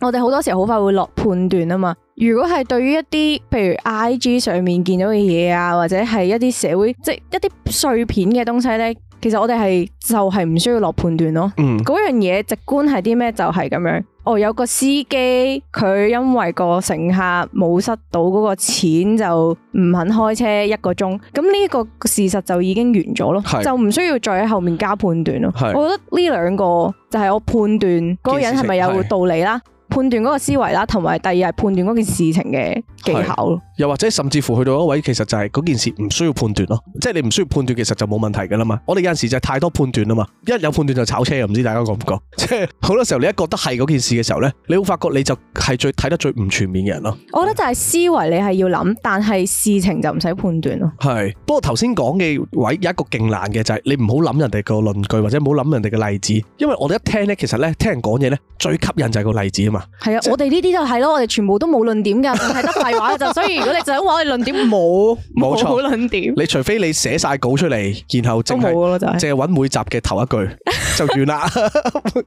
B: 我哋好多時候好快會落判斷啊嘛。如果係對於一啲，譬如 IG 上面見到嘅嘢啊，或者係一啲社會即係一啲碎片嘅東西咧。其實我哋係就係、是、唔需要落判斷咯，嗰、嗯、樣嘢直觀係啲咩就係咁樣。哦，有個司機佢因為個乘客冇塞到嗰個錢就唔肯開車一個鐘，咁呢個事實就已經完咗咯，是 就唔需要再喺後面加判斷咯。是 我覺得呢兩個就係我判斷嗰個人係咪有道理啦，判斷嗰個思維啦，同埋第二係判斷嗰件事情嘅技巧
A: 咯。又或者甚至乎去到一位，其實就係嗰件事唔需要判斷咯，即係你唔需要判斷，其實就冇問題噶啦嘛。我哋有陣時就太多判斷啊嘛，一有判斷就炒車，又唔知大家覺唔覺？即係好多時候你一覺得係嗰件事嘅時候咧，你會發覺你就係最睇得最唔全面嘅人咯。
B: 我覺得就係思維你係要諗，但係事情就唔使判斷咯。
A: 係，不過頭先講嘅位有一個勁難嘅就係你唔好諗人哋個論據或者唔好諗人哋嘅例子，因為我哋一聽咧，其實咧聽人講嘢咧最吸引就係個例子啊嘛。
B: 係啊，就是、我哋呢啲就係咯，我哋全部都冇論點嘅，淨係得廢話就所以。 如果你就想話係論點冇，冇、啊、錯冇論
A: 點你除非你寫曬稿出嚟，然後正，冇咯就係、是，淨係揾每集嘅頭一句就完啦，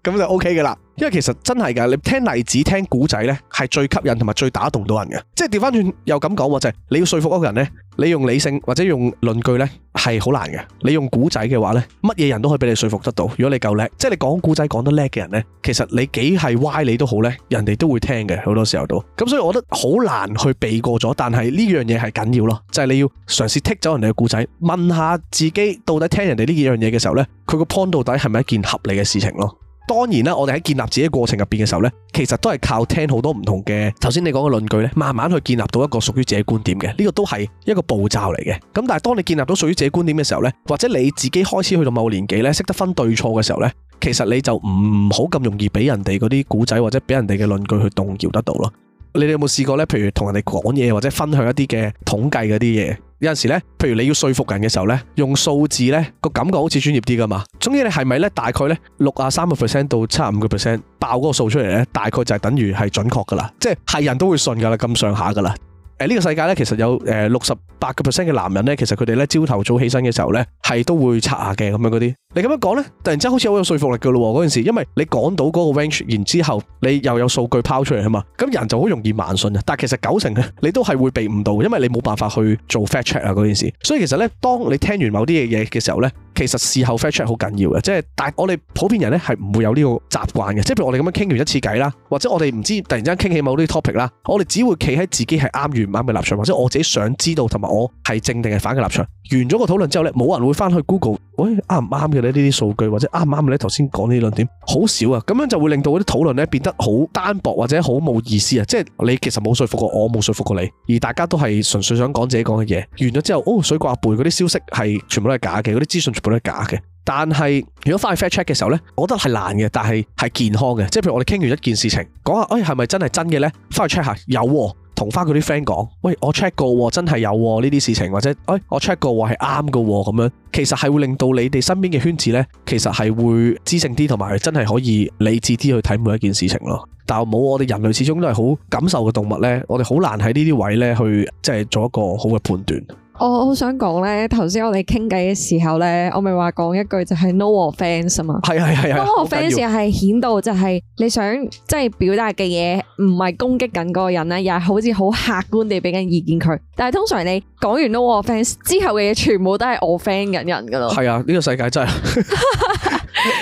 A: 咁 就 OK 嘅啦。因為其實真係嘅，你聽例子、聽古仔呢，係最吸引同埋最打動到人嘅。即係調翻轉又咁講話就係、是，你要說服一個人呢，你用理性或者用論據呢，係好難嘅。你用古仔嘅話呢，乜嘢人都可以俾你說服得到。如果你夠叻，即係你講古仔講得叻嘅人呢，其實你幾係歪理都好呢，人哋都會聽嘅。好多時候都咁，所以我覺得好難去避過咗。但係呢樣嘢係緊要咯，就係、是、你要嘗試剔走人哋嘅古仔，問下自己到底聽人哋呢幾樣嘢嘅時候呢，佢個 point 到底係咪一件合理嘅事情咯？當然啦，我哋喺建立自己過程入邊嘅時候呢，其實都係靠聽好多唔同嘅，頭先你講嘅論據呢，慢慢去建立到一個屬於自己觀點嘅，呢、這個都係一個步驟嚟嘅。咁但係當你建立到屬於自己觀點嘅時候呢，或者你自己開始去到某年紀呢，識得分對錯嘅時候呢，其實你就唔好咁容易俾人哋嗰啲古仔或者俾人哋嘅論據去動搖得到咯。你哋有冇試過呢？譬如同人哋講嘢或者分享一啲嘅統計嗰啲嘢？有陣時咧，譬如你要說服人嘅時候咧，用數字咧個感覺好似專業啲噶嘛。總之你係咪咧大概咧六啊三個 percent 到七啊五個 percent 爆嗰個數出嚟咧，大概就係等於係準確噶啦，即係人都會信噶啦，咁上下噶啦。誒，呢個世界咧其實有誒六十八個 percent 嘅男人咧，其實佢哋咧朝頭早起身嘅時候咧係都會刷牙嘅咁樣嗰啲。你咁樣講呢，突然之間好似好有說服力噶咯喎！嗰件事，因為你講到嗰個 range，然之後你又有數據拋出嚟啊嘛，咁人就好容易盲信啊。但係其實九成咧，你都係會避唔到，因為你冇辦法去做 fact check 啊嗰件事。所以其實呢，當你聽完某啲嘢嘢嘅時候呢，其實事後 fact check 好緊要嘅，即係但係我哋普遍人呢，係唔會有呢個習慣嘅，即係譬如我哋咁樣傾完一次偈啦，或者我哋唔知突然之間傾起某啲 topic 啦，我哋只會企喺自己係啱完唔啱嘅立場，或者我自己想知道同埋我係正定係反嘅立場。完咗個討論之後呢，冇人會翻去 Google，喂，啱唔啱嘅呢啲數據或者啱唔啱你頭先講呢兩點，好少啊。咁樣就會令到嗰啲討論咧變得好單薄或者好冇意思啊！即係你其實冇說服過我，冇說服過你，而大家都係純粹想講自己講嘅嘢。完咗之後，哦，水掛背嗰啲消息係全部都係假嘅，嗰啲資訊全部都係假嘅。但係如果翻去 fact check 嘅時候呢，我覺得係難嘅，但係係健康嘅。即係譬如我哋傾完一件事情，講下，哎，係咪真係真嘅呢？翻去 check 下，有、哦。同翻佢啲 friend 講，喂，我 check 過真係有喎呢啲事情，或者，哎，我 check 過喎係啱嘅喎，咁樣其實係會令到你哋身邊嘅圈子呢，其實係會知性啲，同埋真係可以理智啲去睇每一件事情咯。但係冇我哋人類始終都係好感受嘅動物呢，我哋好難喺呢啲位呢去即係做一個好嘅判斷。
C: 我好想講呢，頭先我哋傾偈嘅時候呢，我咪話講一句就係、是、no offence 啊嘛。係啊係 no offence 係顯到就係你想即係表達嘅嘢，唔係攻擊緊嗰個人呢，又係好似好客觀地俾緊意見佢，但係通常你講完 no offence 之後嘅嘢，全部都係我 fan 緊人噶咯。係
A: 啊，呢、這個世界真係。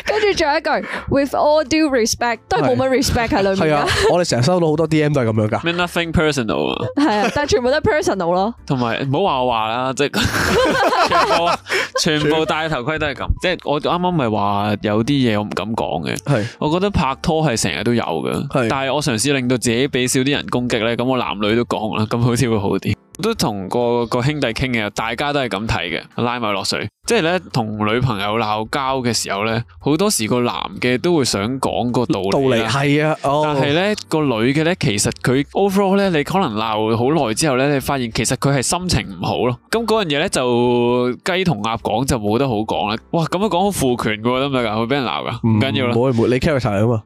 C: 跟住仲有一句，With all due respect，都係冇乜 respect 喺裏面。係 啊，
A: 我哋成日收到好多 D M 都係咁樣噶。咩
E: nothing personal。
C: 係啊，但係全部都係 personal 咯 。
E: 同埋唔好話我話啦，即係 全部全部戴頭盔都係咁。即係我啱啱咪話有啲嘢我唔敢講嘅。係，是的 我覺得拍拖係成日都有嘅。是的 但係我嘗試令到自己俾少啲人攻擊咧，咁我男女都講啦，咁好似會好啲。我都同個個兄弟傾嘅，大家都係咁睇嘅，拉埋落水。即係咧，同女朋友鬧交嘅時候咧，好多時個男嘅都會想講個道理道理。係
A: 啊，但係咧
E: 個女嘅咧，其實佢 overall 咧，你可能鬧好耐之後咧，你發現其實佢係心情唔好咯。咁嗰樣嘢咧就雞同鴨講就冇得好講啦。哇，咁樣講好負權噶，得唔得噶？會俾人鬧噶？唔緊要啦，
A: 冇你 care 齊啊嘛。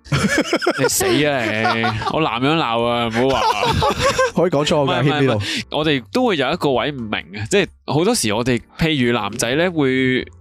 E: 你死啊你！我男人鬧啊，唔好話
A: 可以講錯咩。
E: 我哋都會有一個位唔明嘅，即係好多時我哋，譬如男仔咧會，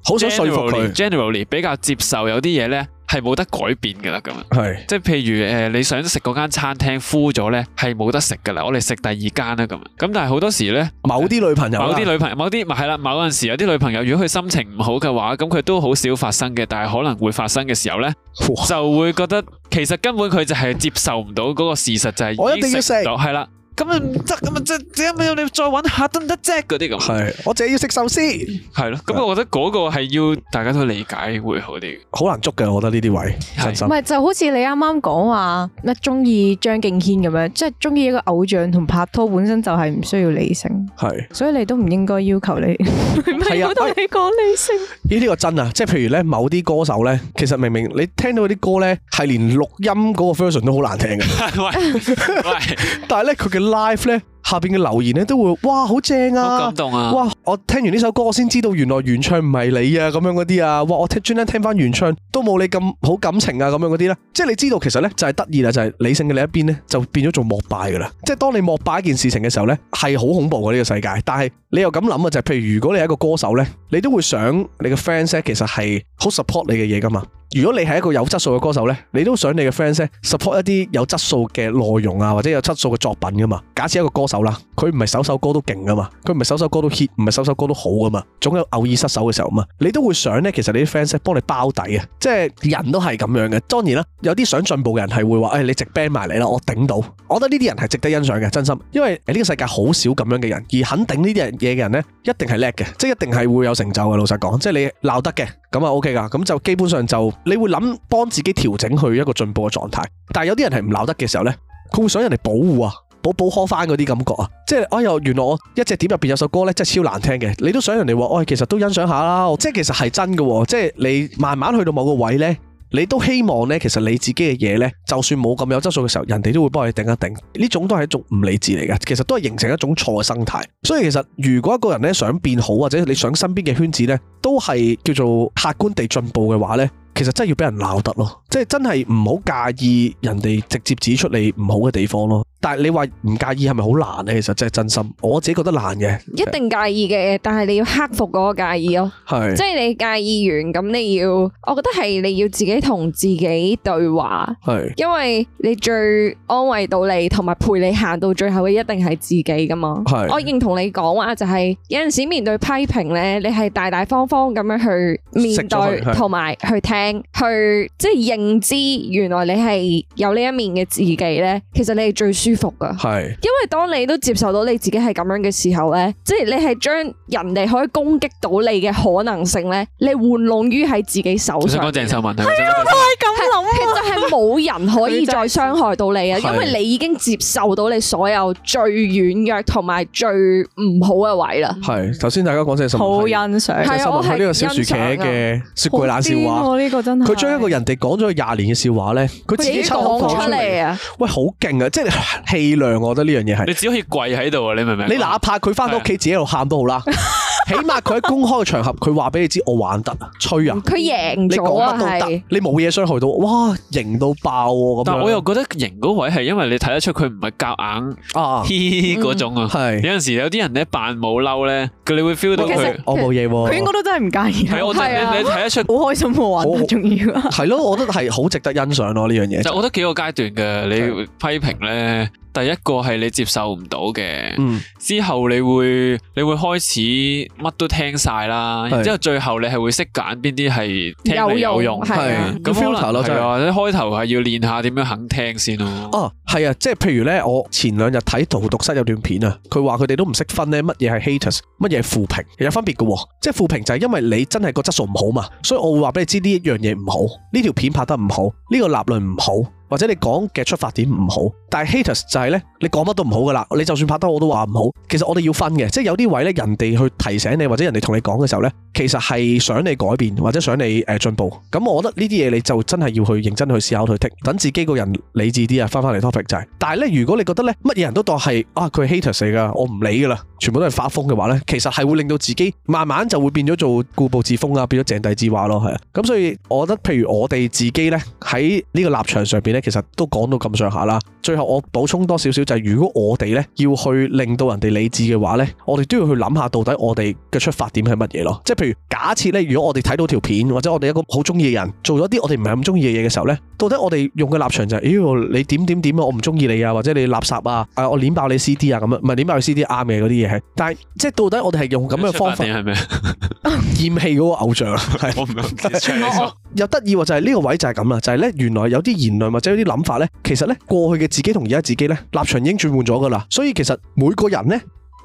E: 好想說服你，Generally 比較接受有啲嘢呢係冇得改變噶啦，咁係即係譬如誒、呃、你想食嗰間餐廳 full 咗呢係冇得食噶啦，我哋食第二間啦咁。咁但係好多時呢，
A: 某啲女、啊、女朋友，某啲
E: 女朋友，某啲唔係，係啦，某陣時有啲女朋友如果佢心情唔好嘅話，咁佢都好少發生嘅，但係可能會發生嘅時候呢，哇 就會覺得其實根本佢就係接受唔到嗰個事實就係我一定要食，係啦。咁啊，唔得，咁啊即係點啊？你再搵下得唔得啫 z e g 嗰啲咁，我淨係要食壽司，係咯。咁我覺得嗰個係要大家都理解會好啲，
A: 好難捉嘅。我覺得呢啲位，
E: 唔係的
B: 就好似你啱啱講話咩中意張敬軒咁樣，即係中意一個偶像同拍拖本身就係唔需要理性，係的。所以你都唔應該要求你
A: 唔係我同你
E: 講理性。
A: 咦？呢、哎哎呢個真啊？即係譬如咧，某啲歌手咧，其實明明你聽到啲歌咧，係連錄音嗰個 version 都好難聽嘅， 哎哎、但係咧佢嘅。live 咧，下邊嘅留言咧都會，哇，好正啊！好感動啊！哇，我聽完呢首歌，我先知道原來原唱唔係你啊，咁樣嗰啲啊，哇，我聽專登聽翻原唱。都冇你咁好感情啊，咁樣嗰啲呢？即係你知道其實呢就係得意啦，就係、是、理性嘅你一邊呢，就變咗做膜拜噶啦。即係當你膜拜一件事情嘅時候呢，係好恐怖嘅呢、啊這個世界。但係你又咁諗啊。就係、是，譬如如果你係一個歌手呢，你都會想你嘅 fans 咧其實係好 support 你嘅嘢噶嘛。如果你係一個有質素嘅歌手呢，你都想你嘅 fans 咧 support 一啲有質素嘅內容啊，或者有質素嘅作品噶嘛。假設一個歌手啦，佢唔係首首歌都勁噶嘛，佢唔係首首歌都 hit，唔係首首歌都好噶嘛，總有偶爾失手嘅時候嘛，你都會想呢，其實你啲 fans 咧幫你包底啊。即係人都係咁樣嘅，當然啦，有啲想進步嘅人係會話，誒，你直掟埋嚟啦，我頂到。我覺得呢啲人係值得欣賞嘅，真心，因為呢個世界好少咁樣嘅人，而肯頂呢啲嘢嘅人呢，一定係叻嘅，即係一定係會有成就嘅。老實講，即係你鬧得嘅，咁啊 OK 噶，咁就基本上就你會諗幫自己調整去一個進步嘅狀態。但係有啲人係唔鬧得嘅時候呢，佢會想人哋保護啊。寶寶呵翻嗰啲感覺啊，即係我又原來我一隻碟入邊有首歌呢，真係超難聽嘅。你都想人哋話，喂、哎，其實都欣賞下啦。即係其實係真嘅，即係你慢慢去到某個位呢，你都希望呢，其實你自己嘅嘢呢，就算冇咁有質素嘅時候，人哋都會幫你頂一頂。呢種都係一種唔理智嚟嘅，其實都係形成一種錯嘅生態。所以其實如果一個人呢，想變好，或者你想身邊嘅圈子呢，都係叫做客觀地進步嘅話呢，其實真係要俾人鬧得咯，即係真係唔好介意人哋直接指出你唔好嘅地方咯。但係你話唔介意係咪好難咧？其實真係真心，我自己覺得難嘅，一定
C: 介意嘅。但係你要克服嗰個介意咯、哦，係是，即係你介意完，咁你要，我覺得係你要自己同自己對話，係是，因為你最安慰到你，同埋陪你行到最後嘅一定係自己噶嘛，係是。我認同你講話就係、是、有陣時面對批評咧，你係大大方方咁樣去面對，同埋去聽，去即係、就是、認知原來你係有呢一面嘅自己咧。其實你係最舒服噶，係，因為當你都接受到你自己係咁樣嘅時候咧，即係你係將人哋可以攻擊到你嘅可能性咧，你玩弄於喺自己手上。想講鄭秀文係啊，我都係咁諗啊，就係冇人可以再傷害到你啊，因為你已經接受到你所有最軟弱同埋最唔好嘅位啦。
A: 係，頭先大家講鄭秀文，好欣賞，係我呢個小薯茄嘅雪櫃冷笑話，佢將一個人哋講咗廿年嘅笑話咧，佢自己出講出
D: 嚟
B: 啊，
A: 喂，好勁啊，即係。氣量，我覺得呢樣嘢係你
E: 只可以跪喺度，啊。你明唔明？你哪怕佢翻到屋企
A: 自己喺度喊都好啦。是的 起碼佢喺公開嘅場合，佢話俾你知我玩得啊，吹人，
E: 佢贏咗啊，你講乜都得，
A: 你冇嘢，傷害到，哇，型到爆啊，咁但我又
E: 覺得型嗰位係因為你睇得出佢唔係夾硬啊，嘻嗰種啊，係。有陣時有啲人咧扮冇嬲咧，佢你會 feel 到佢，我冇嘢喎。佢應
A: 該都真係唔介意。係我，你你睇得出，好開心喎，玩得仲要啊。係咯，我覺得係好值得欣賞咯呢樣嘢。就我
E: 覺得幾個階段嘅，你批評咧。第一個係你接受唔到嘅，嗯、之後你會你會開始乜都聽晒啦，是然之後最後你係會識揀邊啲係聽嚟有用，係咁 filter 咯，就係啊，一開頭係要練下點樣肯聽先咯、啊。
A: 哦、啊，係啊，即係譬如咧，我前兩日睇讀讀室有段片啊，佢話佢哋都唔識分咧乜嘢係 haters，乜嘢係負評，有分別噶、啊，即係負評就係因為你真係個質素唔好嘛，所以我會話俾你知呢一樣嘢唔好，呢條片拍得唔好，呢、呢個立論唔好。或者你講嘅出發點唔好，但係 haters 就係咧，你講乜都唔好噶啦，你就算拍得我都話唔好。其實我哋要分嘅，即係有啲位咧，人哋去提醒你，或者人哋同你講嘅時候呢，其實係想你改變，或者想你誒進步。咁我覺得呢啲嘢你就真係要去認真去思考去剔，等自己個人理智啲啊，翻翻嚟 topic 就係。但係呢，如果你覺得呢，乜嘢人都當係啊佢 haters 嚟噶，我唔理噶啦，全部都係發瘋嘅話呢，其實係會令到自己慢慢就會變咗做固步自封啊，變咗井底之蛙咯，係啊。咁所以我覺得，譬如我哋自己呢，喺呢個立場上邊其實都講到咁上下啦，最後我補充多少少就係，如果我哋咧要去令到人哋理智嘅話咧，我哋都要去諗下到底我哋嘅出發點係乜嘢咯。即係譬如假設咧，如果我哋睇到條片或者我哋一個好中意嘅人做咗啲我哋唔係咁中意嘅嘢嘅時候咧，到底我哋用嘅立場就係、是，咦、哎，你點點點啊，我唔中意你啊，或者你垃圾啊，啊、呃、我捻爆你 CD 啊咁樣，唔係捻爆你 CD 啱嘅嗰啲嘢。但係即係到底我哋係用咁嘅方法係咪？厭棄嗰個偶像係。 又得意話，就係呢個位就係咁啦，就係呢，原來有啲言論或者有啲諗法呢。其實呢，過去嘅自己同而家自己呢，立場已經轉換咗噶啦，所以其實每個人呢。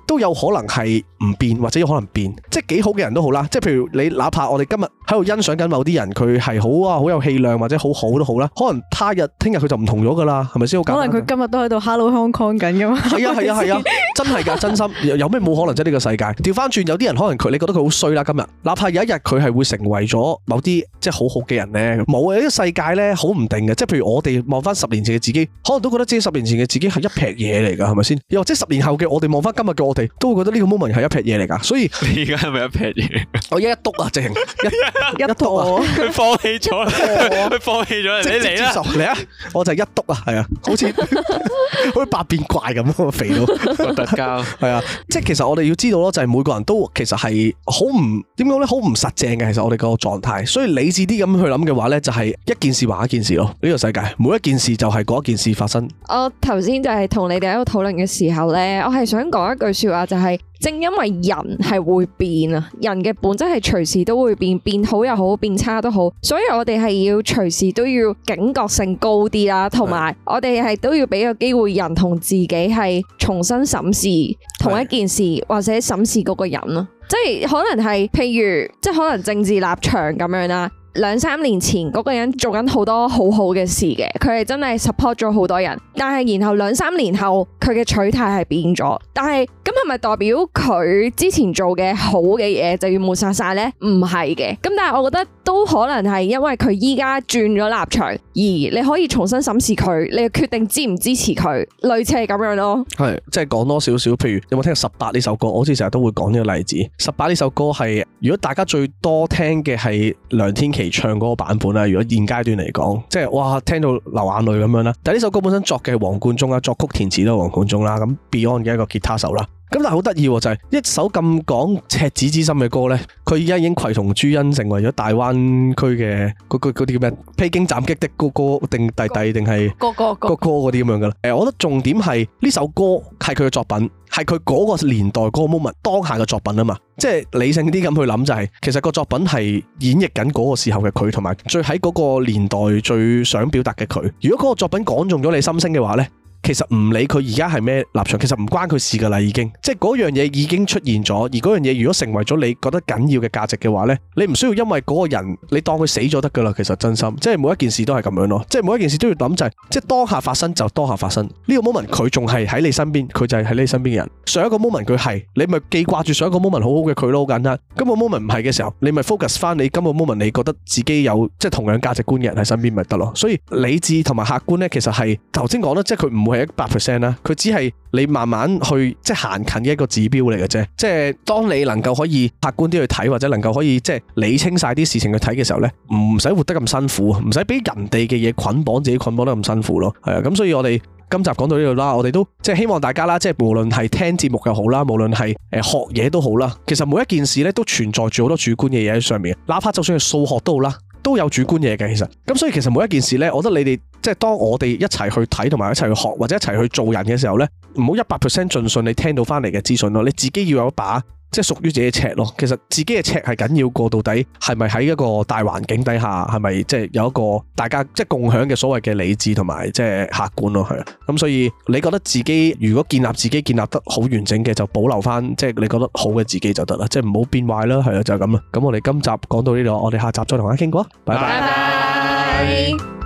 A: 都有可能係唔變或者有可能變，即係幾好嘅人都好啦，即係譬如你哪怕我哋今日喺度欣賞緊某啲人，佢係好啊好有氣量或者好好都好啦，可能他日聽日佢就唔同咗噶啦，係咪先好簡單？可能佢今日都喺度 Hello Hong Kong 緊噶嘛？係啊係啊係啊，啊啊啊 真係噶真心有咩冇可能即呢個世界調翻轉，有啲人可能佢你覺得佢好衰啦今日，哪怕有一日佢係會成為咗某啲即係好好嘅人呢。冇啊呢個世界呢，好唔定嘅，即係譬如我哋望翻十年前嘅自己，可能都覺得自己十年前嘅自己係一撇嘢嚟噶，係咪先？又或者十年後嘅我哋望翻今日嘅都會覺得呢個 moment 係一撇嘢嚟噶，所以你而家係咪一撇嘢？我一刀、啊、 一篤刀啊，直情一一篤啊，佢放棄咗，佢放棄咗，你係啊！我就一篤啊，係啊，好似 好似百變怪咁，肥到特教，係啊！即係其實我哋要知道咯，就係每個人都其實係好唔點講咧，好唔實正嘅。其實我哋個狀態，所以理智啲咁去諗嘅話咧，就係一件事話一件事咯。呢個世界每一件事就係嗰一件事發生。我剛
C: 剛。我頭先就係同你哋喺度討論嘅時候咧，我係想講一句。話就係正因為人係會變啊，人嘅本質係隨時都會變，變好又好，變差都好，所以我哋係要隨時都要警覺性高啲啦，同埋我哋係都要俾個機會人同自己係重新審視同一件事，是的 或者審視嗰個人咯，即係可能係譬如即係可能政治立場咁樣啦。兩三年前嗰個人做緊好多好好嘅事嘅，佢係真係 support 咗好多人，但係然後兩三年後佢嘅取態係變咗，但係。咁係咪代表佢之前做嘅好嘅嘢，就要抹殺晒呢？唔係嘅，咁但係我覺得都可能係因為佢依家轉咗立場，而你可以重新審視佢，你決定支唔支持佢，類似係咁樣咯。
A: 係，即係講多少少，譬如有冇聽過十八呢首歌？我好似成日都會講呢個例子。十八呢首歌係如果大家最多聽嘅係梁天琦唱嗰個版本啦。如果現階段嚟講，即係哇聽到流眼淚咁樣啦。但係呢首歌本身作嘅係黃貫中啊，作曲填詞都係黃貫中啦，咁 Beyond 嘅一個吉他手啦。咁但係好得意喎，就係、是、一首咁講赤子之心嘅歌呢。佢而家已經攜同朱茵成為咗大灣區嘅嗰個嗰啲叫咩披荊斬棘的哥哥定弟弟定係哥哥哥哥嗰啲咁樣噶啦。我覺得重點係呢首歌係佢嘅作品，係佢嗰個年代嗰個 moment 當下嘅作品啊嘛。即係理性啲咁去諗就係、是，其實個作品係演繹緊嗰個時候嘅佢，同埋最喺嗰個年代最想表達嘅佢。如果嗰個作品講中咗你心聲嘅話呢。其實唔理佢而家係咩立場，其實唔關佢事噶啦，已經即係嗰樣嘢已經出現咗，而嗰樣嘢如果成為咗你覺得緊要嘅價值嘅話呢你唔需要因為嗰個人，你當佢死咗得噶啦。其實真心，即係每一件事都係咁樣咯，即係每一件事都要諗就係，即係當下發生就當下發生。呢個 moment 佢仲係喺你身邊，佢就係喺你身邊嘅人。上一個 moment 佢係，你咪記掛住上一個 moment 好好嘅佢咯，好簡單。今個 moment 唔係嘅時候，你咪 focus 翻你今個 moment 你覺得自己有即係同樣價值觀嘅人喺身邊咪得咯。所以理智同埋客觀呢，其實係頭先講啦，即係佢唔會。係一百 percent 啦，佢只係你慢慢去即係行近嘅一個指標嚟嘅啫。即係當你能夠可以客觀啲去睇，或者能夠可以即係理清晒啲事情去睇嘅時候呢，唔使活得咁辛苦，唔使俾人哋嘅嘢捆綁自己，捆綁得咁辛苦咯。係啊，咁所以我哋今集講到呢度啦，我哋都即係希望大家啦，即係無論係聽節目又好啦，無論係誒學嘢都好啦，其實每一件事呢都存在住好多主觀嘅嘢喺上面，哪怕就算係數學都好啦。都有主觀嘢嘅，其實咁，所以其實每一件事呢，我覺得你哋即係當我哋一齊去睇同埋一齊去學或者一齊去做人嘅時候呢，唔好一百 percent 盡信你聽到翻嚟嘅資訊咯，你自己要有一把。即係屬於自己嘅尺咯，其實自己嘅尺係緊要過。到底係咪喺一個大環境底下係咪即係有一個大家即係共享嘅所謂嘅理智同埋即係客觀咯係啊，咁所以你覺得自己如果建立自己建立得好完整嘅就保留翻即係你覺得好嘅自己就得啦，即係唔好變壞啦，係啊就係咁啦。咁我哋今集講到呢度，我哋下集再同大家傾過。拜拜。拜拜拜
C: 拜。